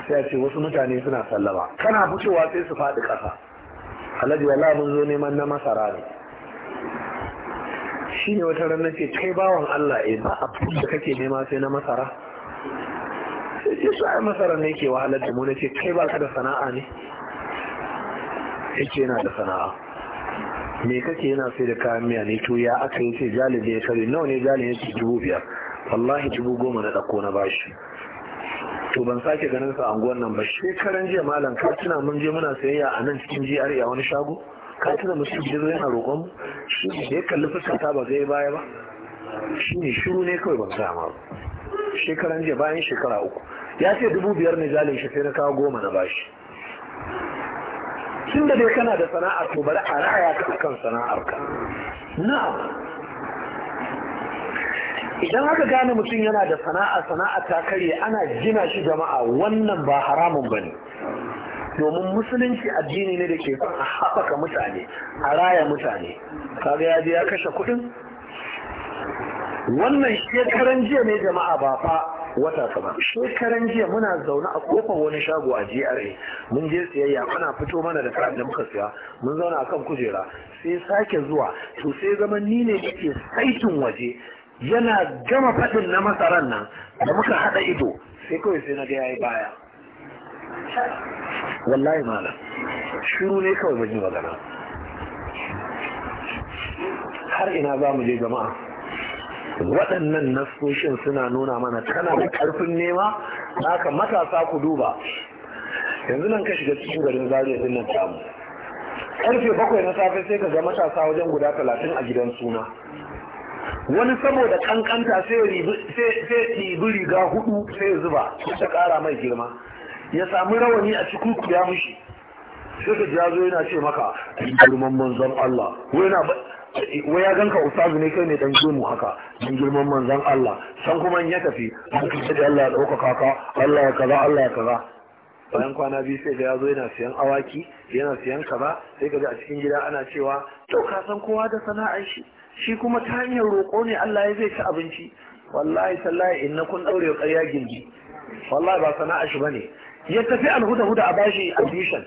sai a ce wasu mutane suna sallama kana fitowa sai su faɗi ƙasa alhaji wallahi mun zo neman na masara ne shi ne wata ranar ce kai bawan allah eh ba a abin da kake nema sai na masara sai a su ne ke wahalar da mu na ce kai ba ka da sana'a ne yake yana da sana'a me kake yana sai da kayan miya ne to ya aka yi ce da ya kare nawa ne jalibi ya ce dubu biyar wallahi dubu goma na ɗauko na bashi to ban sake ganin sa anguwan nan ba shekaran jiya malam ka tuna mun je muna sayayya a nan cikin GRA wani shago ka tuna mu shi gidan yana roƙon mu shi ne ya kalli fuskar ba zai baya ba shi ne shiru ne kawai ban sa ma ba shekaran jiya bayan shekara uku ya ce dubu biyar ne jalin shi sai na kawo goma na bashi tun da dai kana da sana'ar to bari a raya ka kan sana'ar ka na'am idan haka gane mutum yana da sana'a sana'a ta karye ana gina shi jama'a wannan ba haramun ba ne" domin musulunci addini ne da ke son a haɓaka mutane a raya mutane kaga ya je ya kashe kuɗin wannan shekaran jiya ne jama'a ba fa wata kama shekaran jiya muna zaune a kofar wani shago a GRA mun je siyayya muna fito mana da kayan da muka siya mun zauna kan kujera sai sake zuwa to sai zaman ni ne yake saitin waje yana gama faɗin na masaran nan da muka haɗa ido sai kawai sai na ga yayi baya wallahi malam shiru ne kawai ban yi magana har ina za mu je jama'a waɗannan nasoshin suna nuna mana tana da ƙarfin nema haka matasa ku duba yanzu nan ka shiga cikin garin zariya din nan tamu Ƙarfe bakwai na safe sai ka ga matasa wajen guda talatin a gidan suna wani saboda ƙanƙanta sai ɗibi riga hudu sai zuba ta ƙara mai girma ya sami rawani a cikin ya mushi sai ka jazo yana ce maka girman manzon Allah wai na wai ya ganka ustazu ne kai ne dan gemu haka dan girman manzon Allah san kuma in ya tafi an kace da Allah ya dauka kaka Allah ya kaza Allah ya kaza bayan kwana biyu sai ga ya zo yana siyan awaki yana siyan kaza sai kaga a cikin gida ana cewa to ka san kowa da sana'ar shi shi kuma ta hanyar roƙo ne Allah ya zai ci abinci wallahi sallahi in na kun daure ƙarya gindi wallahi ba sana'ar shi bane ya tafi alhuda huda a bashi admission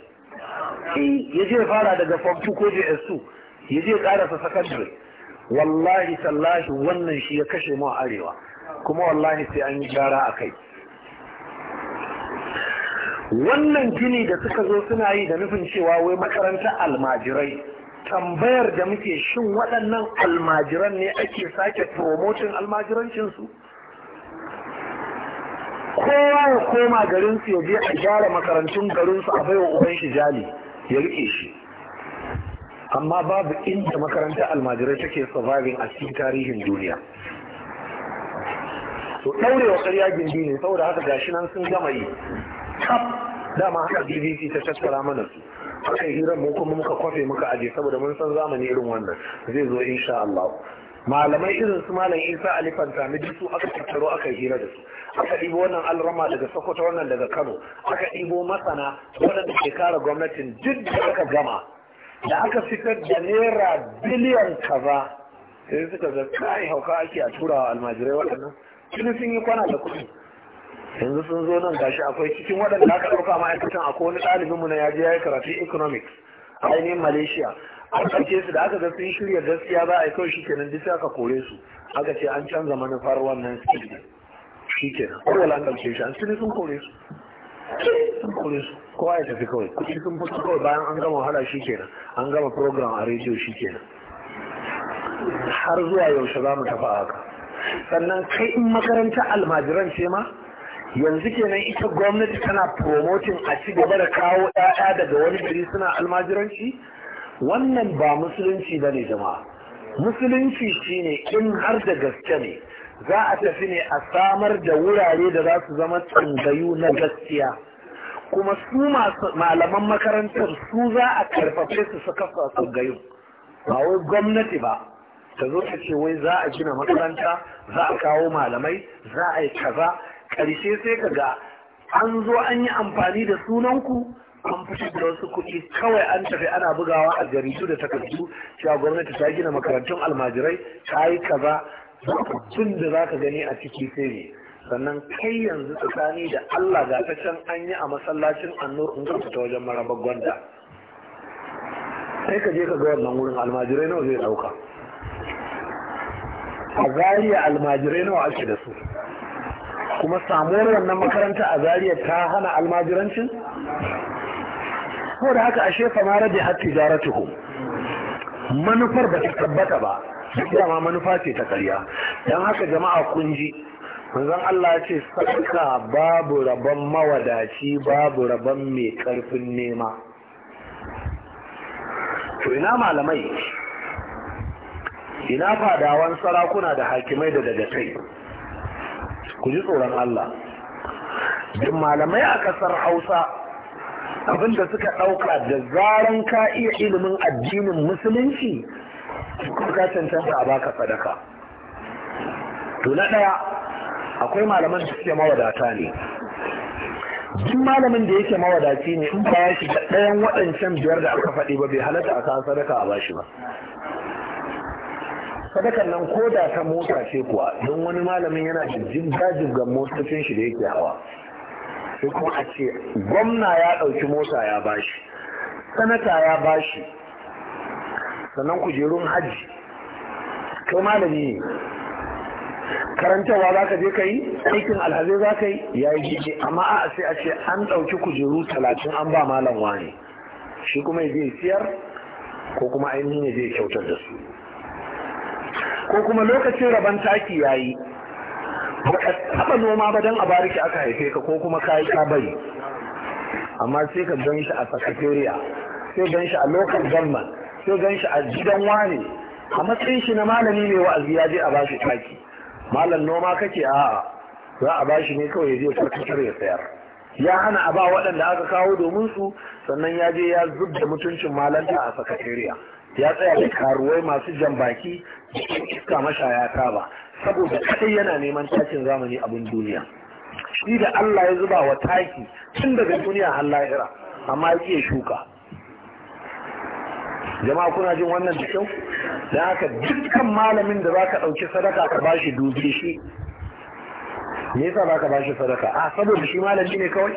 shi ya je fara daga form 2 ko js2 ya je karasa sakandare wallahi tallahi wannan shi ya kashe mu arewa kuma wallahi sai an yi gyara a kai wannan gini da suka zo suna yi da nufin cewa wai makaranta almajirai tambayar da muke shin waɗannan almajiran ne ake sake promotin almajirancinsu kowa ya koma garinsu ya je a gyara makarantun garinsu a baiwa uban shi jali ya rike shi amma babu inda makarantar almajirai take surviving a cikin tarihin duniya to wa ƙarya gindi ne saboda haka gashi nan sun gama yi dama haka bbc ta tattara mana su aka yi hirar kuma muka kwafe muka aje saboda mun san zamani irin wannan zai zo insha Allah malamai irin su malam isa alifan tamidi su aka tattaro aka hira da su aka ɗibo wannan alrama daga sokoto wannan daga kano aka ɗibo masana waɗanda ke kare gwamnatin duk da aka gama da aka fitar da naira biliyan kaza sai suka zai kai hauka ake a tura wa almajirai waɗannan tuni sun yi kwana da kuɗi yanzu sun zo nan gashi akwai cikin waɗanda aka ɗauka ma'aikatan akwai wani ɗalibinmu na je ya yi karatu economics a ainihin malaysia an ɗauke su da aka ga sun shirya gaskiya za a yi kawai shikenan duk aka kore su aka ce an canza manufar wannan skill shikenan kenan an ɗauke shi an tuni sun kore su sun kore su kowa ya tafi kawai kuɗi sun fito kawai bayan an gama wahala shi kenan an gama program a rediyo shi kenan har zuwa yaushe za mu tafi haka sannan kai in makarantar almajiran ce ma yanzu kenan ita gwamnati tana promoting a ci gaba da kawo 'ya'ya daga wani gari suna almajiranci wannan ba musulunci ba ne jama'a musulunci shine in har da gaske ne za a tafi ne a samar da wurare da za su zama tsangayu na gaskiya kuma su masu malaman makarantar su za a karfafe su su kafa su gayu ba wai gwamnati ba ta zo ta ce wai za a gina makaranta za a kawo malamai za a yi kaza karshe sai ka ga an zo an yi amfani da sunanku an fitar da wasu kuɗi kawai an tafi ana bugawa a jaridu da takardu cewa gwamnati ta gina makarantun almajirai ta yi kaza tun da za ka gani a ciki sai ne sannan kai yanzu tsakani da Allah ga ta can an yi a masallacin annur in ka fita wajen marabar gwanda sai ka je ka ga wannan wurin almajirai nawa zai dauka a zariya almajirai nawa ake da su kuma samuwar wannan makaranta a zariya ta hana almajirancin da haka ashe famara da hatti tuhu manufar ba ta tabbata ba dama manufa ce ta karya don haka jama'a kun ji manzon Allah ce saka babu rabon mawadaci babu rabon mai ƙarfin nema to ina malamai ina fadawan sarakuna da hakimai da kai. ku ji tsoron Allah duk malamai a ƙasar Hausa abinda suka ɗauka da zaran ka iya ilimin addinin musulunci kuma ka cancanta a baka sadaka to na ɗaya akwai malaman da suke mawadata ne duk malamin da yake mawadaci ne in ba ya shiga ɗayan waɗancan biyar da aka faɗi ba bai halatta a kawo sadaka a bashi ba sadakan nan ko da ta mota ce kuwa don wani malamin yana jijjiga ga motocin shi da yake hawa sai kuma a ce gwamna ya ɗauki mota ya bashi sanata ya bashi sannan kujerun hajji kai malami ne karantarwa za ka je ka yi aikin alhazai za ka yi ya yi jiki amma a sai a ce an ɗauki kujeru talatin an ba malam wani shi kuma ya je siyar ko kuma ainihin ya je kyautar da su ko kuma lokacin rabon taki ya yi ba taɓa noma ba don a bariki aka haife ka ko kuma ka yi ka bari amma sai ka gan shi a sakatariya sai gan shi a lokal gamman sai gan shi a gidan wani a matsayin shi na malami mai wa'azi ya je a bashi taki malam noma kake a za a shi ne kawai zai karkatar ya sayar ya hana a ba waɗanda aka kawo domin su sannan ya je ya zub da mutuncin malanta a sakatariya ya tsaya da karuwai masu jan baki da iska mashaya ta ba saboda kadai yana neman takin zamani abin duniya shi da Allah ya zuba wa taki tun daga duniya har lahira amma ya shuka jama'a kuna jin wannan da kyau da haka dukkan malamin da za ka ɗauki sadaka ka bashi dubi shi me yasa ba ka bashi sadaka a ah, saboda shi malami ne kawai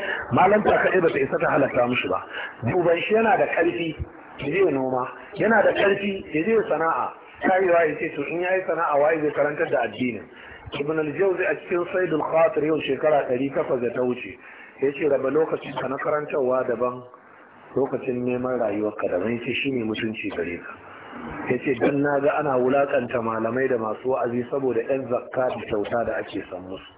ta kaɗai ba ta isa ta halatta mushi ba duban shi yana da ƙarfi ya zai noma yana da ƙarfi ya zai sana'a kayewa ya ce to in ya yi sana'a waye zai karantar da addini ibn al-jawzi a cikin saidul khatir yau shekara ɗari takwas da ta wuce ya ce raba lokacin ka na karantarwa daban lokacin neman rayuwarka daban ya ce ne mutunci gare ka ya ce don na ga ana wulaƙanta malamai da masu wa'azi saboda 'yan zakka da kyauta da ake san musu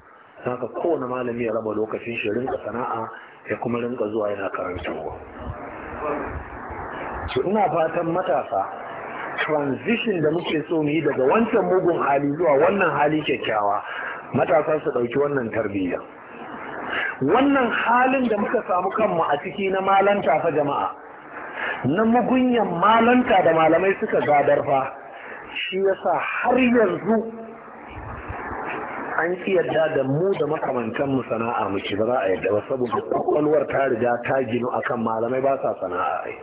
haka kowane malami ya raba lokacin shi rinka sana'a ya kuma rinka zuwa yana karantarwa to ina fatan matasa transition da muke so mu yi daga wancan mugun hali zuwa wannan hali kyakkyawa matasa su ɗauki wannan tarbiyya wannan halin da muka samu kanmu a ciki na malanta fa jama'a na magunyan malanta da malamai suka gadar fa shi yasa har yanzu an ki yarda da mu da makamantan mu sana'a mu ci ba za a yarda ba saboda kwakwalwar ta riga ta ginu akan malamai ba sa sana'a ai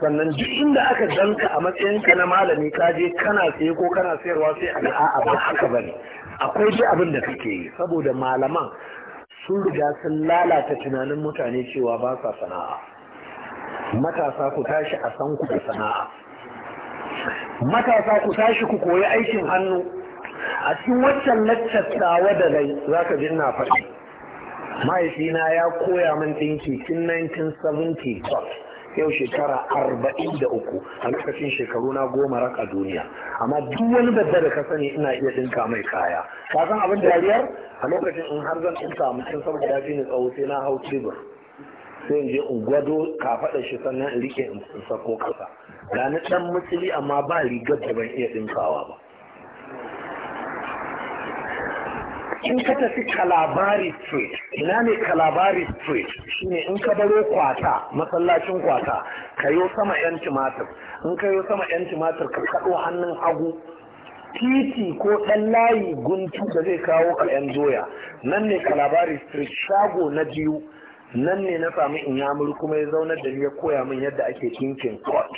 sannan duk inda aka danka a matsayinka na malami ka je kana saye ko kana sayarwa sai a a ba haka bane akwai dai abin da kake yi saboda malaman sun riga sun lalata tunanin mutane cewa ba sa sana'a matasa ku tashi a san ku da sana'a matasa ku tashi ku koyi aikin hannu a cikin waccan laccattawa da rai za ka ji faɗi mahaifina ya koya min ɗinki tun 1970 yau shekara arba'in da uku a lokacin shekaru na goma raka duniya amma duk wani babba da ka sani ina iya dinka mai kaya ka san abin dariyar a lokacin in har zan dinka mutum saboda ya fi ni tsawo sai na hau tibur sai in je in gwado kafaɗa shi sannan in rike in sako kasa ga ni dan amma ba rigar da ban iya dinkawa ba in ka tafi kalabari street ina ne kalabari street shine in ka baro kwata masallacin kwata ka yi sama yan tumatir in ka yi sama yan tumatir ka kaɗo hannun hagu titi ko ɗan layi guntu da zai kawo ka yan doya nan ne kalabari street shago na biyu nan ne na samu inyamur kuma ya zaunar da ya koya min yadda ake kinkin kot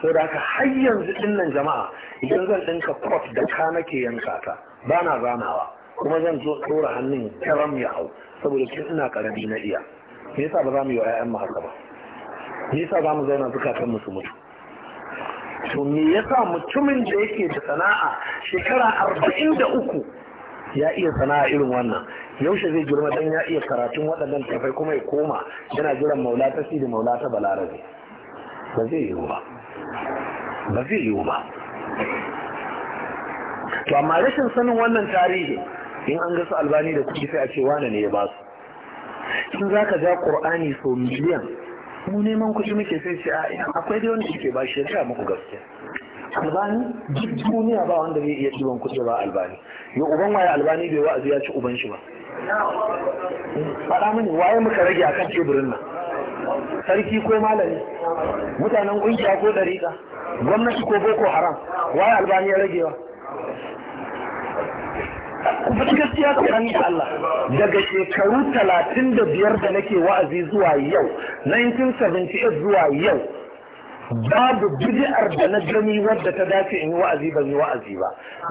sau da haka har yanzu dinnan jama'a idan zan ɗinka kot da ka nake yanka ta ba na zanawa kuma zan zo tsora hannun karam ya hau saboda kin ina karabi na iya me yasa ba za mu yi wa 'ya'yan mu haka ba me yasa za mu zauna zukatan mu su mutu to me yasa mutumin da yake da sana'a shekara arba'in da uku ya iya sana'a irin wannan yaushe zai girma dan ya iya karatun waɗannan tafai kuma ya koma yana jiran maula ta da maula ta balarabe ba zai yiwu ba ba zai yiwu ba to amma rashin sanin wannan tarihi in an gasa albani da kuɗi sai a ce wane ne ya ba su in za ka ja ƙur'ani sau miliyan mu neman kuɗi muke sai ce a akwai dai wani ke ba shi ya muku gaskiya albani duk duniya ba wanda zai iya ɗiban kuɗi ba albani ya uban waye albani bai wa'azi ya ci uban shi ba faɗa mini waye muka rage a kan teburin nan sarki ko malami mutanen ƙungiya ko ɗariƙa gwamnati ko boko haram waye albani ya ragewa kuma gaskiya a Allah daga shekaru talatin da biyar da nake wa'azi zuwa yau 1978 zuwa yau babu bidiyar da na gani wadda ta dace in yi wa'azi ban yi wa'azi ba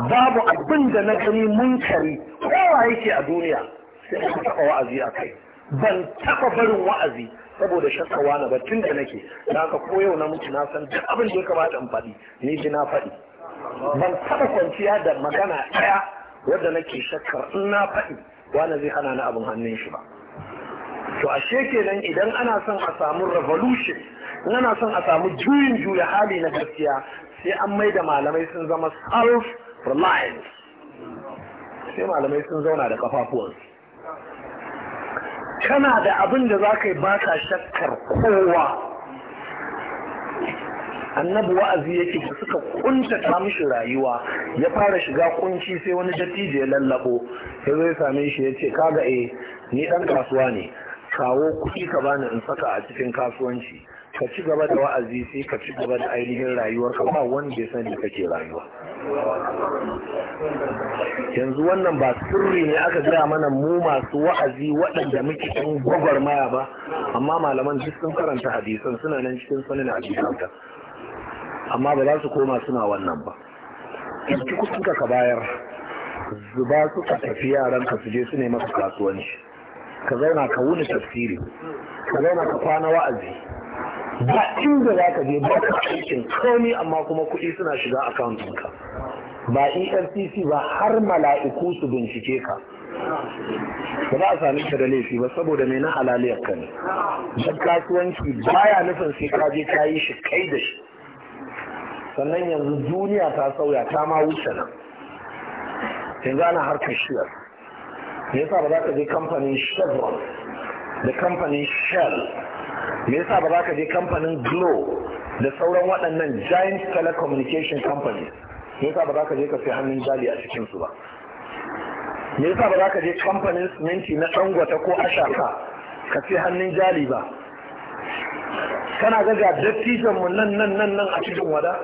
babu abin da na gani munkari kowa yake a duniya sai aka taɓa wa'azi a kai ban taɓa barin wa'azi saboda shakawa na ba tun da nake da ka koyo na mutu na san duk abin da ya kamata in faɗi ni ji na faɗi ban taɓa kwanciya da magana ɗaya wadda nake shakkar in na faɗi wani zai hana na abin hannun shi ba to ashe kenan idan ana son a samu revolution in ana son a samu juyin juya hali na gaskiya sai an mai da malamai sun zama self reliance sai malamai sun zauna da kafafuwansu kana da abin da za ka yi baka shakkar kowa annabi wa'azi yake da suka kunta ta mishi rayuwa ya fara shiga kunci sai wani dattijo ya lallabo ya zai same shi ya ce kaga eh ni dan kasuwa ne kawo kuɗi ka bani in saka a cikin kasuwanci ka ci gaba da wa'azi sai ka ci gaba da ainihin rayuwar ka ba wanda ya sani kake rayuwa yanzu wannan ba sirri ne aka gaya mana mu masu wa'azi waɗanda muke ɗan gwagwarmaya ba amma malaman duk sun karanta hadisan suna nan cikin sanin hadisan amma ba za su koma suna wannan ba ci kuɗinka ka bayar zuba su ka tafi yaran ka su je su ne masu kasuwanci ka zauna ka wuni tafsiri ka zauna ka kwana wa'azi ba inda za ka je ba ka aikin komi amma kuma kuɗi suna shiga ka. ba efcc ba har mala'iku su bincike ka ba za a sami ka da laifi ba saboda mai na halaliyar ka ne don kasuwanci baya nufin sai ka je ka yi shi kai da shi sannan yanzu duniya ta sauya ta ma wuce nan yanzu ana harkar shiyar me yasa ba za ka je kamfanin chevron da kamfanin shell me yasa ba za ka je kamfanin glo da sauran waɗannan giant telecommunication companies me yasa ba za ka je ka sai hannun jali a cikinsu ba me yasa ba za ka je kamfanin siminti na dangwata ko ashaka ka sai hannun jali ba kana gaga ga dattijan mu nan nan nan nan a cikin wada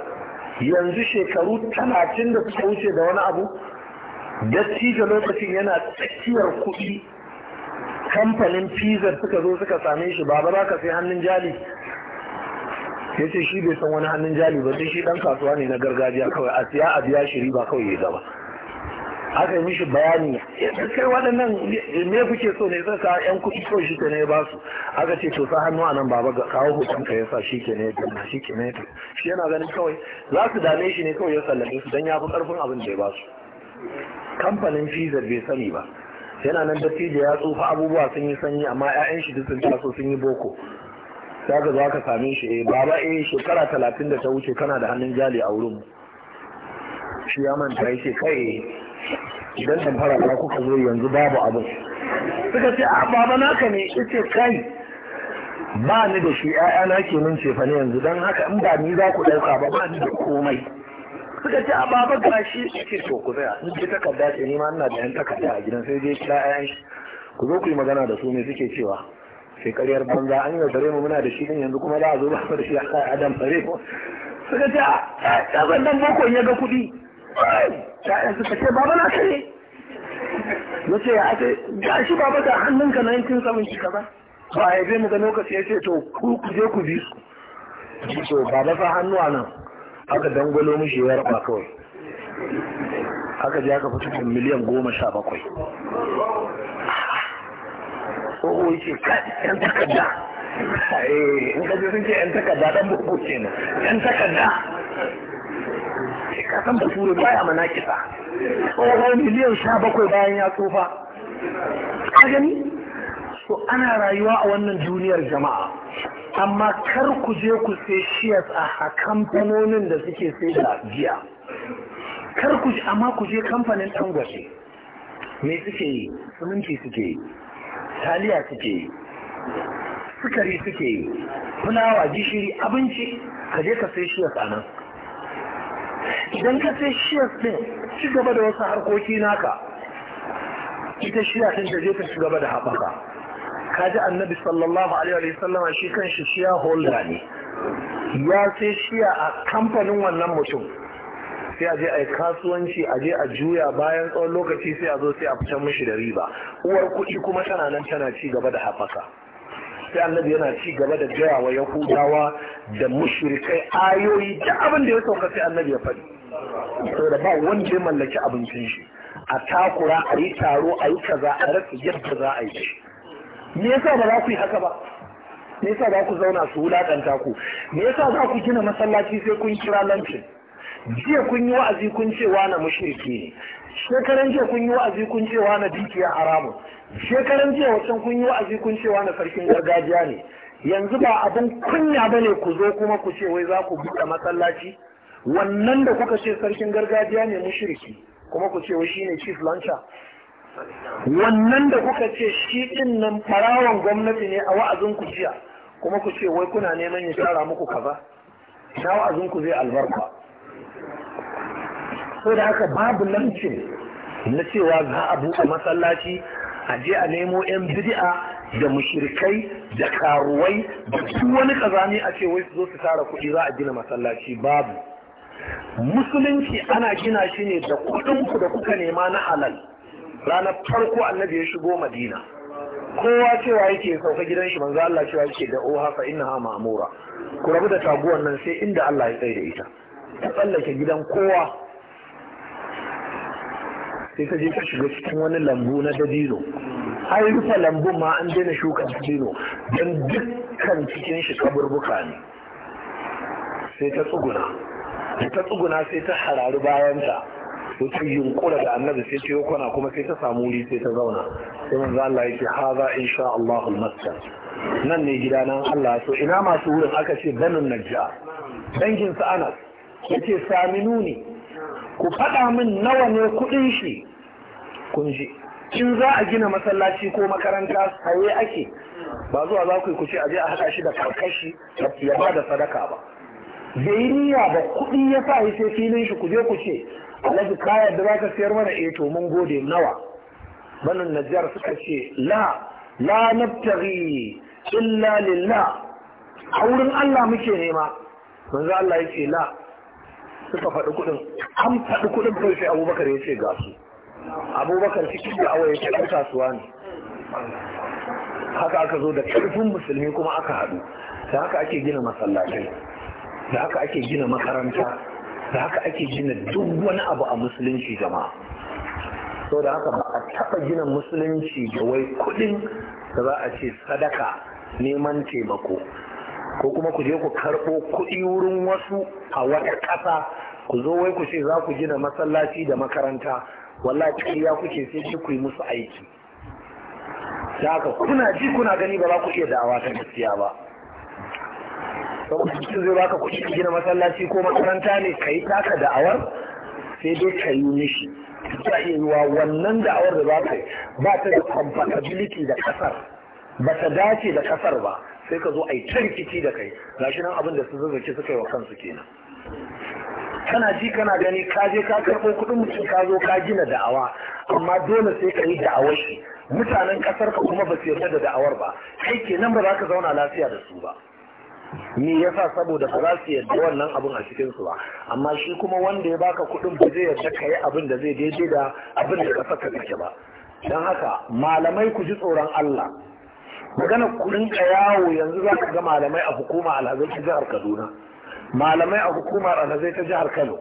yanzu shekaru talatin da suka wuce da wani abu dattijo lokacin yana tsakiyar kuɗi kamfanin fizar suka zo suka same shi "Ba ba ka sai hannun jali ya ce shi bai san wani hannun jali ba sai shi dan kasuwa ne na gargajiya kawai a siya a biya shiri ba kawai ya gaba aka yi mishi bayani eh, kai waɗannan me kuke so ne zai zaka yan kuɗi ko shi ne ba su aka ce to sa hannu a nan baba ga kawo hoton ka yasa shi ke ne ya shi ke ne shi yana ganin kawai za su dame shi ne kawai ya sallame su don ya fi ƙarfin abin da ya ba su kamfanin fizar bai sani ba yana nan dattijo ya tsufa abubuwa sun yi sanyi amma 'ya'yan shi duk sun taso sun yi boko za ka za ka same shi eh baba eh shekara talatin da ta wuce kana da hannun jali a wurin shi ya manta ya ce kai idan tamfara ba kuka zo yanzu babu abin suka ce a ah, baba naka ne ita kai ba ni da shi na ke min cefa ne yanzu don haka in ba ni za ku ɗauka ba ba ni da komai suka ce a ah, baba shi ce to ku tsaya in ji takarda ce ni ma ina da yan takarda a gidan sai je kira ƴaƴan shi ku zo ku yi magana da su ne suke cewa sai karyar banza an yi dare mu muna da shi din yanzu kuma za a zo ba da shi a adam fare suka ce a ah, ɗan boko ya ga kuɗi ya'yan suka ce baba na kare na ce ya ake ga shi baba da hannunka na yankin samun kaza ba a yabe mu ga lokaci ya ce to ku ku je ku bi su to baba fa hannuwa nan aka dangwalo mishi ya raba kawai aka je aka fito da miliyan goma sha bakwai Ko tsoho yake yan takarda eh, in ka je sun ce yan takarda dan boko kenan yan takarda ka san bature ya mana kisa tsoho miliyan sha bakwai bayan ya tsufa ka gani so ana rayuwa a wannan duniyar jama'a amma kar ku je ku sai shiyas a kamfanonin da suke sai da giya kar ku amma ku je kamfanin gwaje. me suke yi suminti suke yi taliya suke yi sukari suke yi fulawa gishiri abinci ka je ka sai shiyas a nan idan ka sai shiya ɗin ci gaba da wasu harkoki naka ita shiya ɗin ta je ta ci gaba da haɓaka ka ji annabi sallallahu alaihi wa sallama shi kan shi shiya holda ne ya sai shiya a kamfanin wannan mutum sai a je a yi kasuwanci a je a juya bayan tsawon lokaci sai a zo sai a fitar mishi da riba uwar kuɗi kuma tana nan tana ci gaba da haɓaka sai annabi yana ci gaba da gaya wa yahudawa da mushrikai ayoyi da abin da ya sauka sai annabi ya faɗi saboda ba wanda ya mallaki abincin shi a takura a yi taro a yi kaza a rasa yadda za a yi shi me yasa ba za ku yi haka ba me yasa za ku zauna su wulaƙanta ku me yasa za ku gina masallaci sai kun kira lancin jiya kun yi wa'azi kun ce na mushriki ne shekaran jiya kun yi wa'azi kun ce na dukiya haramun shekaran jiya wacan kun yi wa'azi kun cewa na sarkin gargajiya ne yanzu ba abin kunya ba ne ku zo kuma ku ce wai za ku buɗe masallaci wannan da kuka ce sarkin gargajiya ne mushriki kuma ku ce wai ne chief launcher wannan da kuka ce shi ɗin nan farawan gwamnati ne a wa'azin ku jiya kuma ku ce wai kuna neman ya tara muku kaza na wa'azin ku zai albarka so da haka babu lamcin na cewa za a buɗe masallaci a je a nemo yan bid'a da mushirkai da karuwai da duk wani kazani a ce wai su zo su tara kuɗi za a gina masallaci babu musulunci ana gina shi ne da kuɗin ku da kuka nema na halal ranar farko annabi ya shigo madina kowa cewa yake sauka gidan shi manzo Allah cewa yake da oha fa ha ma'mura ku rabu da taguwan nan sai inda Allah ya tsaye da ita ta tsallake gidan kowa sai ka je ka shiga cikin wani lambu na dabino ai rufe lambun ma an daina shuka dabino don dukkan cikin shi kaburbuka ne sai ta tsuguna ta tsuguna sai ta harari bayanta sai ta yunkura da annabi sai ta kwana kuma sai ta samu wuri sai ta zauna sai manzo Allah yake haza insha Allah al nan ne gidana Allah so ina masu wurin aka ce banin najja dangin sa Anas yace saminu ne ku faɗa min nawa ne kuɗin shi kun ji in za a gina masallaci ko makaranta saye ake ba zuwa za ku yi kuce a je a haɗa shi da karkashi ya ba da sadaka ba bai niyya ba kuɗi ya sa sai filin shi ku je ku ce alhaji kaya da za ka siyar mana eh to mun gode nawa banin najjar suka ce la la nabtaghi illa lillah a wurin Allah muke nema manzo Allah yake la suka faɗi kuɗin an faɗi kuɗin kai sai Abubakar ya ce ga su abubakar cikin da awaye ta kasuwa ne haka aka zo da karfin musulmi kuma aka haɗu da haka ake gina masallatai da haka ake gina makaranta da haka ake gina duk wani abu a musulunci jama'a so da haka ba a taɓa gina musulunci da wai kuɗin da za a ce sadaka neman taimako ko kuma ku je ku karɓo kuɗi wurin wasu a wata ƙasa ku zo wai ku ce za ku gina masallaci da makaranta wallahi ya kuke sai ku yi musu aiki da haka kuna ji kuna gani ba za ku iya da'awa ta gaskiya ba saboda mutum zai baka kuɗi gina masallaci ko makaranta ne ka taka da'awar sai dai ka yi mishi ta iya yiwa wannan da'awar da za ka yi ba ta da compatibility da ƙasar ba ta dace da kasar ba sai ka zo a yi ta rikici da kai gashi nan abin da su zazzaki suka yi wa kansu kenan kana ji kana gani ka je ka karɓo kuɗin mutum ka zo ka gina da'awa amma dole sai ka yi da'awar shi mutanen ƙasar ka kuma ba su yarda da da'awar ba kai kenan ba za ka zauna lafiya da su ba me yasa saboda ba za su yarda wannan abin a cikin su ba amma shi kuma wanda ya baka kuɗin ba zai yarda ka yi abin da zai daidai da abin da ka saka kake ba don haka malamai ku ji tsoron Allah magana ku rinka yawo yanzu za ka ga malamai a hukuma alhazai jihar Kaduna malamai a hukumar zai ta jihar kano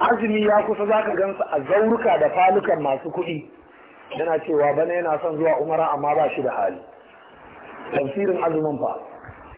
azumi ya kusa za ka gansu a zauruka da falukan masu kuɗi yana cewa bana yana son zuwa umara amma ba shi da hali tafsirin azumin fa